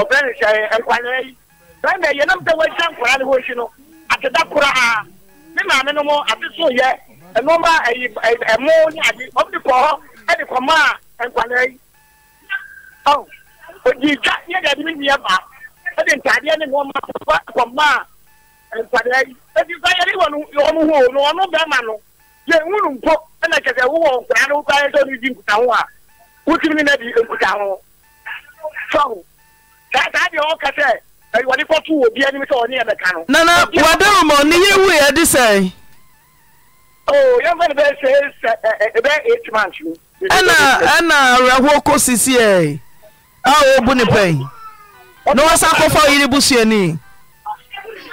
ọbẹ nkwalẹ yi bẹẹni bẹ yẹn nam tẹ wọn ẹsẹ nkwadaa ni wọn si no kura ha ne maame no mo so yẹ ẹnọọma ẹyi ẹmu ni adi ọmu kọ họ kọ mmaa nkwalẹ yi ọw odi twa yẹ dẹbi ni nìyẹn ba ni kọ mmaa nkwalẹ yi wọn hu yɛ nwunu mpɔ ɛna kyɛ sɛ wowɔ nkwadaa no wokwadaa sɛ ɔno di nkuta ho a wotumi ne na di nkuta ho fɔw saa saa deɛ ɔka sɛ wɔde kɔto wɔ bi anim sɛ ɔne ɛbɛka no nana wade mma ne yɛ wu yɛ de sɛn oo yɛmfa ne bɛyɛ sɛ ɛbɛyɛ eight months ɛna ɛna awerɛhoɔ kɔ sisi ɛ eh. a wɔbu ne pɛn na wɔsan kɔfa yere busuani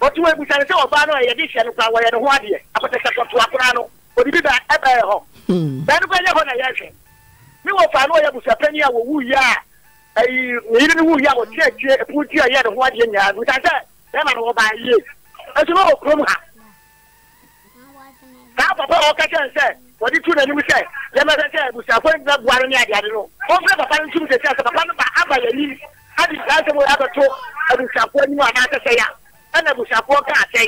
otu wee busara sị ọbaa no yɛde hyɛ no koraa wɔyɛ ne ho adeɛ apɛtɛkɛtɔtoa koraa no odibi da ɛbɛɛ hɔ bɛɛ no koraa yɛ hɔ na yɛhwɛ me wɔ fa no ɔyɛ busuapani a wɔwuiɛ a ayi yiri no wuiɛ a wɔtiatie epu tia yɛ ne ho adeɛ nyinaa no busara sɛ bɛɛma no wɔbaa yie nso na wɔ kurom ha saa papa a ɔka kyɛn sɛ wɔde tu n'anim sɛ yɛmɛsɛ sɛ busuafo no gyina papa no ntum sɛ sɛ papa no ba aba yɛnim adi saa sɛ wɔyɛ abɛto abusuafo anim ɛna abusuafoɔ ka asɛe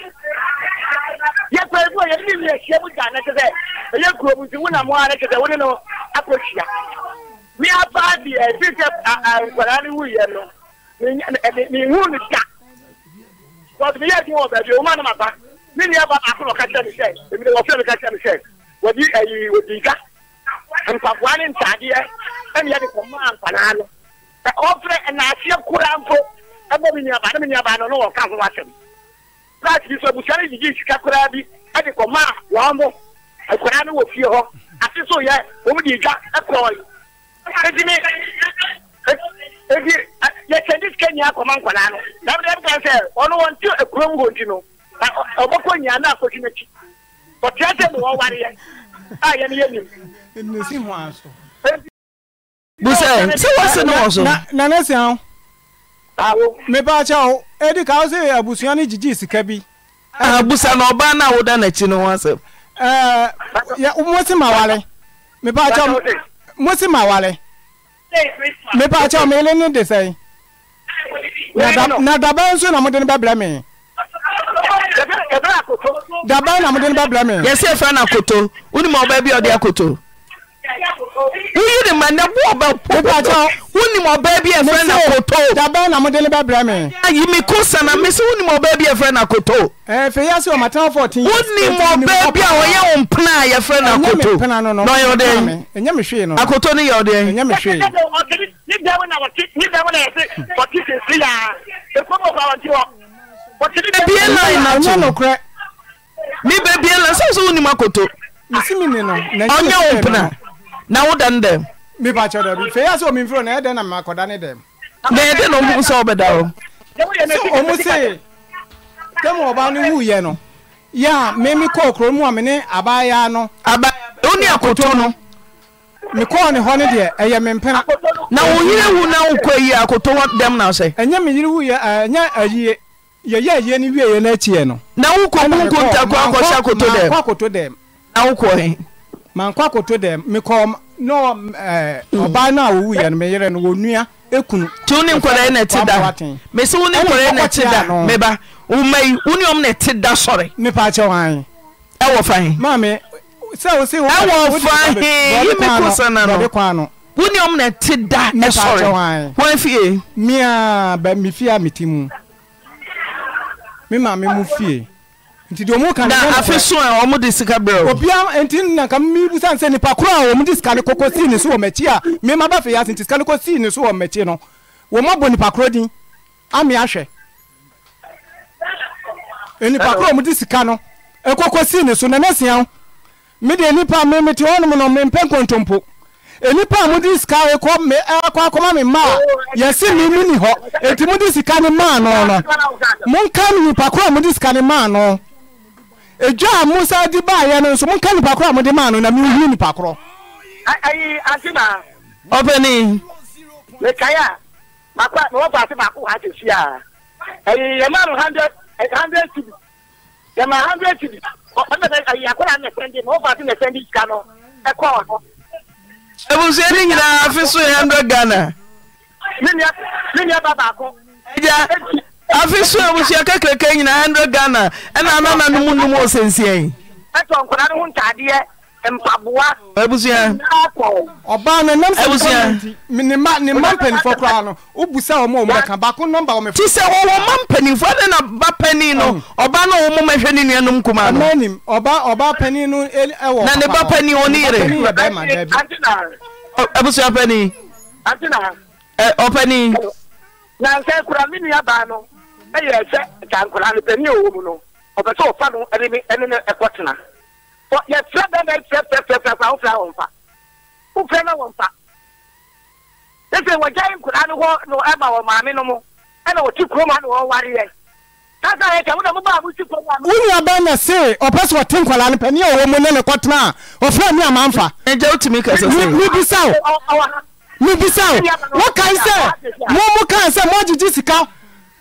yɛ pɛ bi eh, a yɛ ne ne ahyia mu gya ne te sɛ ɛyɛ kurom nti wona mo a ne te sɛ wone no akɔhyia me aba bi ɛfi sɛ nkwadaa no wuyɛ no mehu no da bɔs meyɛ adwuma wɔ baabi ɔma no maba ne nua ba baako na ɔka kyerɛ me sɛ ɛmine wɔfrɛ me ka kyerɛ me sɛ wɔdi ayi wɔdi nka mpaboa ne ntadeɛ ɛne yɛde kɔmaa nkwadaa no ɔfrɛ ɛnaaseɛ koraa mpo ɛbɔ me nuaba ne me nuaba no ne wɔka ho asɛm price bi so abusua no gyigye sika koraa bi de kɔmaa wɔn mo akwadaa no wɔ fie hɔ ase so yɛ wɔn de edwa kɔɔ eti mi eti yɛkyɛn de sika nyinaa kɔma nkwadaa no dɛm dɛm kan sɛ ɔno wɔn ti ekurom hɔ nti no ɔbɛkɔ nyinaa na akɔsi n'akyi ɔte ase na wɔware yɛ a yɛn yɛ nim. busa sɛ wɔsi ne wɔ so. na na ne sɛn o mepaakyɛw ɛdi ka wo sɛ abusua no gyigye sika bi ah, abusa na ɔbaa no a woda n'akyi no ho asɛm mosi ma wale mepaakyɛw mosi ma wale mepaakyɛw mele ne de sɛe na daba nso na mode no bɛbrɛ me daba na mode no bɛbrɛ me yɛsɛ na no akoto wonim ɔbaa bi ɔde akoto woyiri ma ne bo ɔbɛ popoto wonim ɔbaa bi ɛfrɛ na koto dabɛn eh, na mode ne bɛbrɛ me ayi me ko eh, sana me sɛ wonim ɔbaa bi ɛfrɛ na eh, koto fɛyi ase ɔmatena 14 wonim ɔbaa bi a ɔyɛ wo mpena a yɛfrɛ na koto na ɔyɛ ɔdɛn ɛnyɛ me hwee no akoto no yɛ ɔdɛn ɛnyɛ me hwee me bebie la sɛ sɛ wonim akoto ɔnyɛ wo mpena na wo da dɛm mepa kyɛ da bi fei a sɛ na ɛdɛn na memakɔda ne dɛm na ɛdɛn na ɔmu sɛ wobɛda hɔ ɔmu se tɛm ɔba no wuyɛ no yɛ a meme kɔɔ kuro mu a mene abayaa no akoto no ne hɔ deɛ ɛyɛ na wo yere wu na wokɔ yi akoto dɛm na sɛ ɛnyɛ ayie yɛyɛ ayie no na akoto dɛm na mankɔ akoto dɛ mekɔ n'ɔ ɛɛ ɔbaa naa owu yɛ no me yɛrɛ no onua ekunu. ti wo ni nkɔla yi na ti da mesi wo nkɔla yi na ti da meba wuma yi wo ni ɔmu na ti da sɔre. mipa kyɛ wɔn anyi. ɛwɔ fa hin. maami sɛ o si wo. ɛwɔ fa hin yi mi ko sanna no no. wo ɔmu na ti da ɛsɔre wɔn fie. mia bɛ mi fie a mi ti mu mi maami mu fie. nti deɛ ɔmu afe so a ɔmu de sika brɛ o nti na nka mi busa nsɛ nipa koro a ɔmu sika ne koko sii ne so wɔ mɛkyi a mi ma ba nti sika ne koko ne so wɔ mɛkyi no wɔn nipa koro din ami ahwɛ nipa koro a ɔmu sika no ekoko sii ne so na ne sia mi nipa mi hɔnom no mi nkontompo nipa a mu sika ekɔ mi akɔ akɔma mi ma yɛsi mi mu ni hɔ eti mu sika ne maa no no mu nka nipa koro a mu sika ne maa no. edwa a musa de baayɛ no nso mo nka nipa korɔ a mo de maa no na mi hu nipa korɔ. ayi ase ma. ɔpɛni. mekan a makɔ a mewɔ baasi baako wa ase si a ayi yɛma no hundred hundred tibi yɛma hundred tibi ɔbɛn bɛ ayi akɔla ne fɛn de mewɔ baasi ne fɛn de sika no ɛkɔ e ɔno. ebusua e ni nyinaa afi so yɛ hundred ghana. ne nua ne nua ba baako. ɛgya. a so e, abusua kɛkɛkɛ nyinaa hundred ghana ɛna anana no mu nom ɔsɛnsiɛn ɛtɔ nkora no ho ntaadeɛ mpaboa abusua ɔbaa no nam sɛ ne ma ne ma mpanimfoɔ koraa no wobu sɛ wɔma ɔmu ɛka baako nɔmba wɔ mɛfti sɛ wɔwɔ ma mpanimfoɔ ne na ba pani no mm. ɔba no ɔwɔ mɔ mɛhwɛ ne nuanom kuma no ɔmanim ɔba ɔba pani no e- ɛwɔ na ne ba pani ɔne yere abusua pani ɔpani nansɛ kura me nua baa no ɛyɛ sɛ ta nkwadaa no panin a ɔwɔ mu no ɔbɛ sɛ ɔfa no ɛne mi ɛne no ɛkɔ tena yɛfrɛ bɛn na ɛfrɛ frɛ frɛ frɛ frɛ wofrɛ wɔn fa wofrɛ na wɔn fa ɛsɛ wɔgya nkwadaa no hɔ na ɛma wɔn maame no mo ɛna wɔte kurom na wɔware yɛ kasa yɛ kyɛ wona mo baa mo si kurom ha. na se ọ̀pẹ sọ ọ̀tí nkwadaa no panin mu ne o tìmí kẹsẹ̀ sẹ́yìn. mi bi sáw mi bi sáw mo kàn sẹ́ mo mo kàn sẹ́ mo jìjì sika.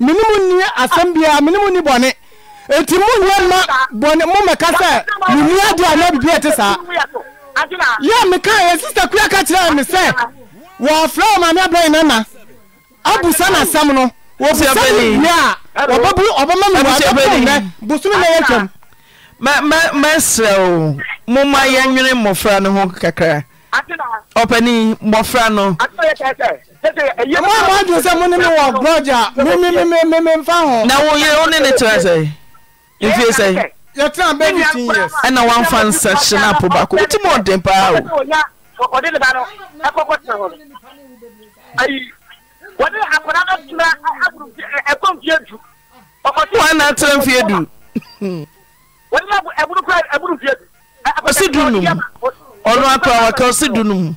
menem nni asɛm biaa menem nni eti enti monwɛ ma bɔne momɛka sɛ mennia de ana bibia ɛte saa yɛ meka yɛ sista kura ka kyerɛɛ me sɛ wɔafrɛ wɔ maame abrɛ nana abusa no asɛm no wɔbusa ne a ɔbɛma mewɔbɛpɛnɛ bosome na yɛtwam mɛserɛ o momma nwere mmɔfra no ho kakra ɔpani mmɔfra no E, mmadụ sɛ mo ne me wɔ brɔgya mememfa ho na wo yere wo ne ne tera sɛ mfie sɛ yɛtena bɛ 15 years ɛna woamfa nsa hye no apo baako wotumi ɔden paa o wana mfie du ɔse du no mu ɔno atoa waka ɔse du m.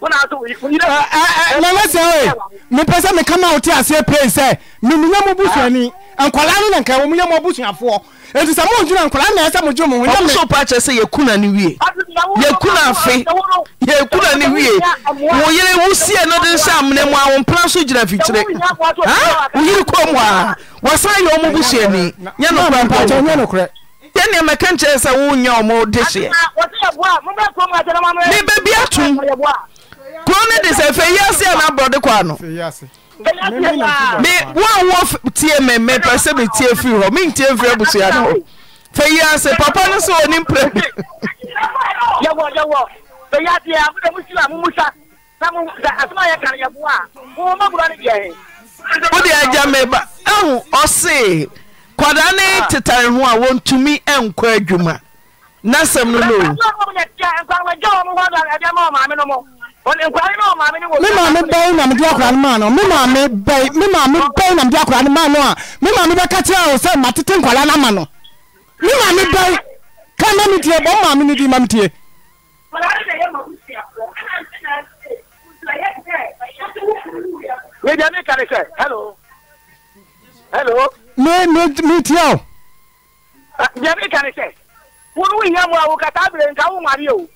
nana sɛ we mepɛ sɛ meka ma wote aseɛ pei sɛ memunya mo busuani nkwalaa no na nka wɔ munya mo abusuafoɔ ɛnti sɛ mondwina nkwalaa na ɛ sɛ modwo mo hoso pa kyerɛ sɛ yɛkuna ne wie yɛkuna afe yɛkuna ne wie wo yere wo sie no de nhyɛ amena mu a wo mpena so gyina fikyire wo yere kɔ mu a wɔsan yɛ ɔmo busuani nyɛ nokorɛ yɛne mɛka nkyerɛ sɛ wonya ɔmo de hyeɛ ne bɛbi atom kuro no de sɛ fɛ yiase a na aborɔde kɔa no woawɔ tie me mepɛ sɛ metie firi hɔ mentie mfiri abusua ne hɔ fɛ yiase papa no sɛ ɔni mprɛ wode agya me ba ɛhu ɔsee kwadaa ne ah. tetare ho a wɔntumi nkɔ adwuma na sɛm no me maame bɛyi na mede akora no maa no me maame bɛyi me maame bɛyi na mede akora no maa no a me maame bɛka kyerɛ wo sɛ matete nkwala no ama no me maame bɛyi ka ma me tie bɔ maame no di ma me tie media mi kari sɛ hello hello. mi mi mi tie o. media mi kari sɛ wọ́n wúyẹ́ mu àwọn kàtà abirẹ̀ nǹkan àwọn ọmọ o.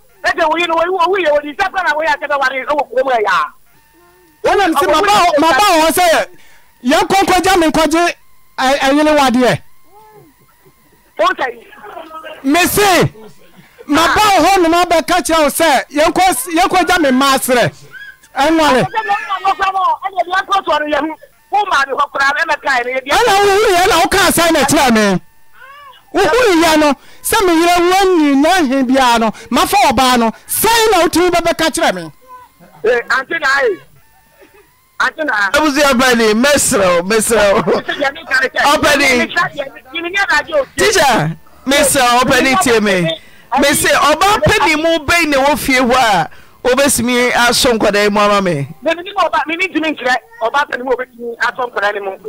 ɛdɛ woyi no woyi woyi yɛ wodi sɛ fana woyi akɛtɛ wari ɛwɔ kurom ɛ ya. wọn nana sẹ màbá màbá wọn sẹ yẹn kọ́ nkọjá mi nkọjá ẹyẹlẹ wadeɛ. o n yi. mesi màbá wọn nana bɛ kẹ́kẹ́ ọ sẹ yẹn kọ́ já mi máa sẹrẹ ẹ nwale. ɛnna wúwúri yẹn na ó ká àṣà yẹn na ẹ kyerɛ mi wohu yɛ no sɛ meyerɛ woani na he biara no mafa ɔbaa no sɛn na wotumi bɛbɛka kyerɛ me abusua bani mɛsrɛw mɛsrɛw ɔpɛni tikya mɛsrɛw ɔpɛni tie me mese ɔbaa pɛni mu bɛyi na wɔ hɔ a wobɛsumi asɔ nkwadaa yi mu ama me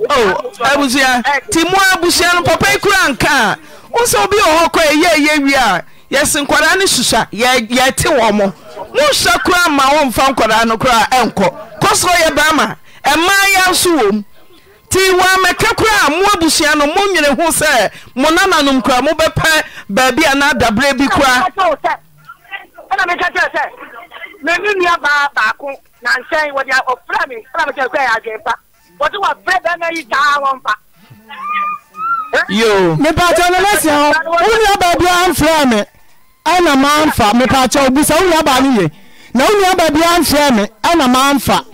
oh, abusua nti mo abusua no papa yi kora anka a wo sɛ wobi wɔ hɔ kɔ ɛyɛ yɛ wie a yɛse nkwadaa no susua yɛte wɔ mo monsa koraa ma wɔmfa nkwadaa no koraa ɛnkɔ kɔ sorɔ yɛ baa ma ɛmaa yɛ nso wɔ m nti wɔamɛka koraa mo abusua no monwene ho sɛ mo nananom koraa mobɛpɛ baabi a na adaberɛ bi koraa me me nua baa baako na nkyɛn wɔde ɔfra mi fra mi kyɛn sɛ ɛyɛ adwempa wɔde wɔ fɛ bɛn na yi taa wɔn fa. yoo mipatɔ ne ne o wo nua baa bi anfra mi ɛna maa nfa mipatɔ busa wo nua baa ni na wo nua baa bi anfra mi ɛna maa nfa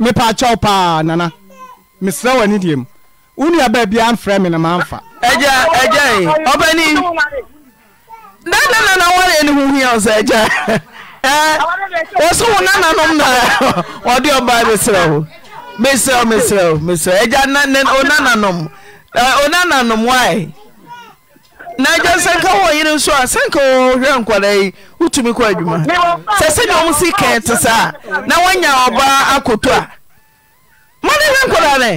mipatɔ paa nana misira wɔ ne deɛ mu wo nua baa bi na nfa. ɛgya ɛgya ɔbɛni. nana nana wɔre ni sɛ ɛgya. wɔso eh, wo nananom na ɔde ɔbaa meserɛ ho mesrɛw mesrɛw mesrɛ agya onananom onananom wae na agya sɛ nka wɔ yere nso a sɛ nka wɔhwɛ nkwadaa yi wotumi kɔ adwuma sɛ sɛdeɛ ɔm si kɛn te saa na woanya ɔbaa akoto a mane hwɛ nkwadaa ne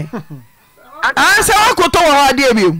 a sɛ wɔ hɔ adeɛ biom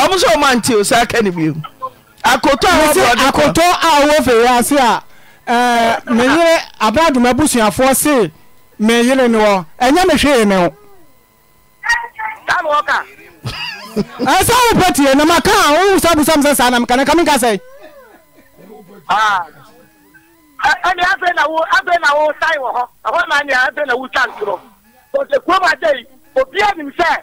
ọmụ sọ ma ntị ose aka n'igbe akoto a wọbọ akoto a ọwọ fere ase a ɛɛ eh, meyere abadum abusuafoɔ se meyere ni wɔ ɛnyɛ ya hwee ɛsɛ wo tie na maka wowu sɛ busam sɛ saa nam kana ka sɛe ɛne na obia nim sɛ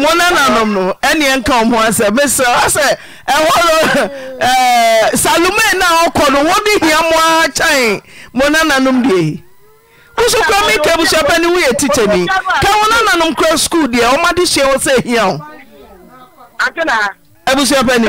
mo na no ɛneɛ nka ɔmo asɛ mesrɛ wa sɛ ɛhɔ no salome na ɔkɔ no wode hia mo a kyɛn mo nananom m wo so kora e e me ka abusua pɛ ne woyɛ tikyani ka wo nananom kora skuul deɛ ɔmade hyia wo sɛ hia wo abusua pɛ ni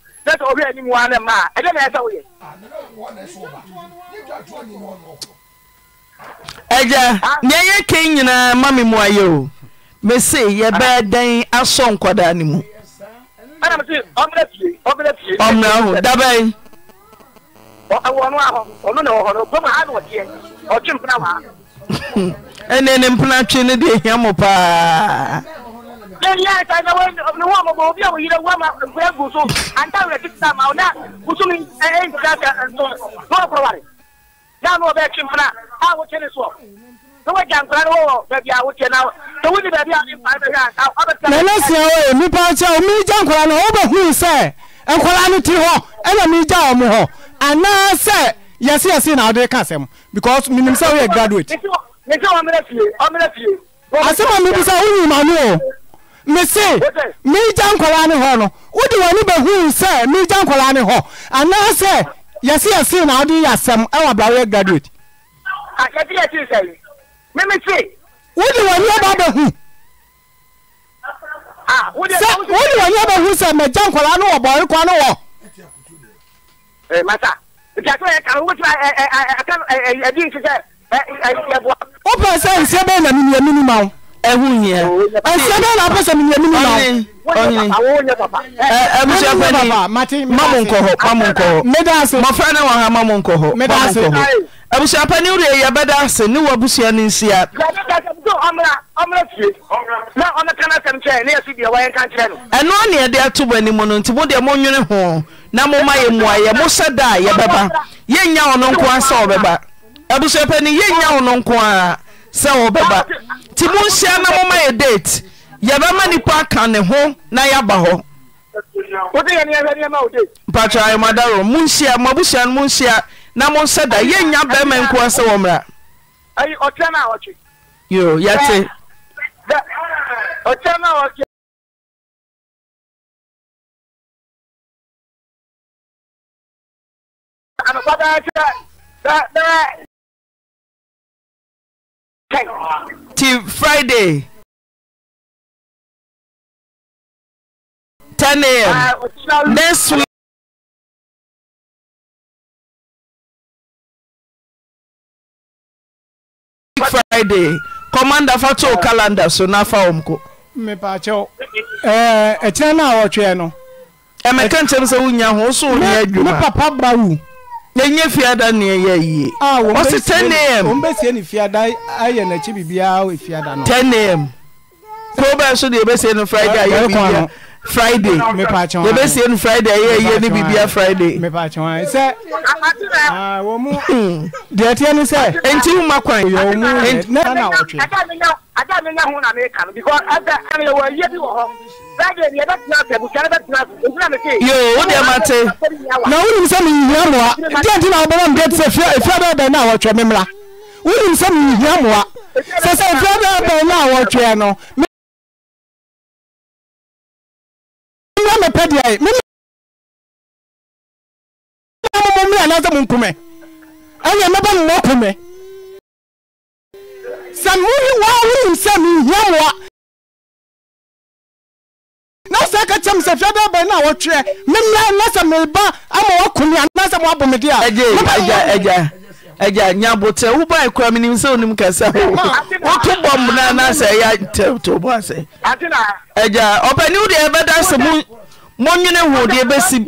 sẹ́tọ̀ orí ẹni mu anam a ẹ̀dẹ́ náà ẹ sẹ́wọ́ yẹ. ẹja ní ẹyẹ kẹ́hìn nyinaa má mi mu ayé o mèsì yẹ bẹ́ẹ̀ dẹ́n asọ nkwadaa ni mu. ẹnna mi sè ọmọdé fìyè ọmọdé fìyè. ọmọdé ahò dábẹ́ yìí. ẹnna ẹni ni di paa. lẹ́yìn àìsàn ẹ̀sán wọ́n ní wọ́n mọ̀ mọ̀ bí àwọn yìí wọ́n máa gbé gùn so àǹtá rẹ̀ ti ta màá náà gùsùn mi ẹ̀ ẹ̀ ń sẹ́yà ẹ̀ ń sọ wọ́n kọ̀ wàrẹ̀ náà ní ọbẹ̀ kí n fúnra àwọn kí ni sọ lọ́wọ́ jàǹkúrẹ́ ni wọ́n wọ̀ bẹ̀bí àwọn kí náà tòwú ni bẹ̀bí àwọn ìfà anaasɛ yɛsi yɛsi na ɔde o. mese megya nkwaraa ne hɔ no wode w'ane ise sɛ megya nkwaraa ne hɔ anaasɛ yɛseyɛsee na wode yɛ asɛm ɛwɔ abrawoyɛ graduate wode w'ani aba bɛhu sɛ wode w'ani aba hu sɛ magya nkwaraa no wɔ bɔre kwa no wɔ wopɛ sɛ nsiɛ na meniamini ma wo ẹ̀hún yẹn. ẹsẹ bẹẹ náà pèsè mi yẹn ni mamu nkọhọ mamu nkọhọ mọfra náà wà ha mamu nkọhọ mamu nkọhọ ẹbùsùn ẹfẹ ni wúlò yẹ bẹ dá ase ní wọ abusua ni nsi a. ẹnu ọ̀nà ẹ̀dẹ́ ẹ̀tọ́ bọ̀ ẹni mu no mo na mo ma yɛ yɛ da yɛ nya nya sɛ wɔbɛba nti monhyia na momma yɛ date yɛbɛma nnipa aka ne ho na yɛaba hɔ mpakyɛ amadaro monhyia moabohyia no monhyia na monsɛ da yɛnnya barima nkoa sɛ wɔ mmra yo yɛte till friday ten a.m. Uh, next week. friday commander fato yeah. calendar so n'afa wɔn ko. mipaakyɛw eh, eh, ɛɛ ɛkyɛn naa wɔtwe no. ɛmɛ eh, kɛntɛn sɛ wunya ho so wɔn yɛ adwuma. ne papa bawu yɛnyɛ fiada ne ɛyɛ yie ɔse 10 am ɔmbɛsie ni fiada ayɛ n'akyi biribiara wɔ fiada no 10 am kuro bɛɛ so deɛ yɛbɛsie no friday ayɛ biribia friday yɛbɛsie no friday ayɛ yie ne biribia ah, friday sɛ wɔ mu hmm. deɛ teɛ no sɛ ɛnti woma kwan yɛ wɔ mu ɛda menya ho na meka no because ɛda ɛyɛwɔ ayie bi wɔ hɔ yoo o deɛ ma te na wonim sɛ mehia mmoa deɛ nti na wobɛma mdeɛ te sɛ fira bɛɛ bɛn no a wɔtwɛ me mmra wonim sɛ mehia mmoa sɛ sɛ fira bɛɛ bɛn no a wɔtwɛ no mmra mepɛ deɛ memmra mmra anaasɛ mo nkumɛ ɛnyɛ mɛbɛ mmɔ kumɛ sɛ wonim sɛ mehia mmoa asa ka kyɛm sɛ fiada bɛn na wɔtwerɛ memla na sɛ meba ama woakone anasɛ moabɔ mede a agya nyabo wobae kora menim sɛ wonim kɛsɛ woto bɔ na sɛ ɛyɛ agya ɛbɛda sɛ monwene ho deɛ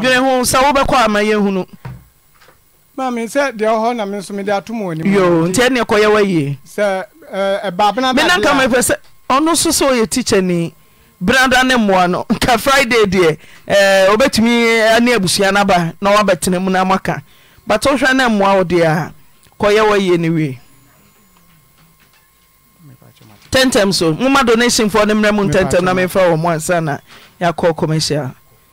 dweneho sɛ wobɛkɔ ama yɛhunu mame deɛ na me nso mede atom ɔnimnti ɛneɛ kɔyɛ wayie mena eh, eh, ka mepɛ sɛ ɔno so sɛ ɔyɛ tikya ni ne mmoa no nka friday deɛ eh, abusua na wabɛtena mu no maka but wohwɛ ne mmoa wo deɛ wie so donation mmerɛ mu na mo ansa na commercial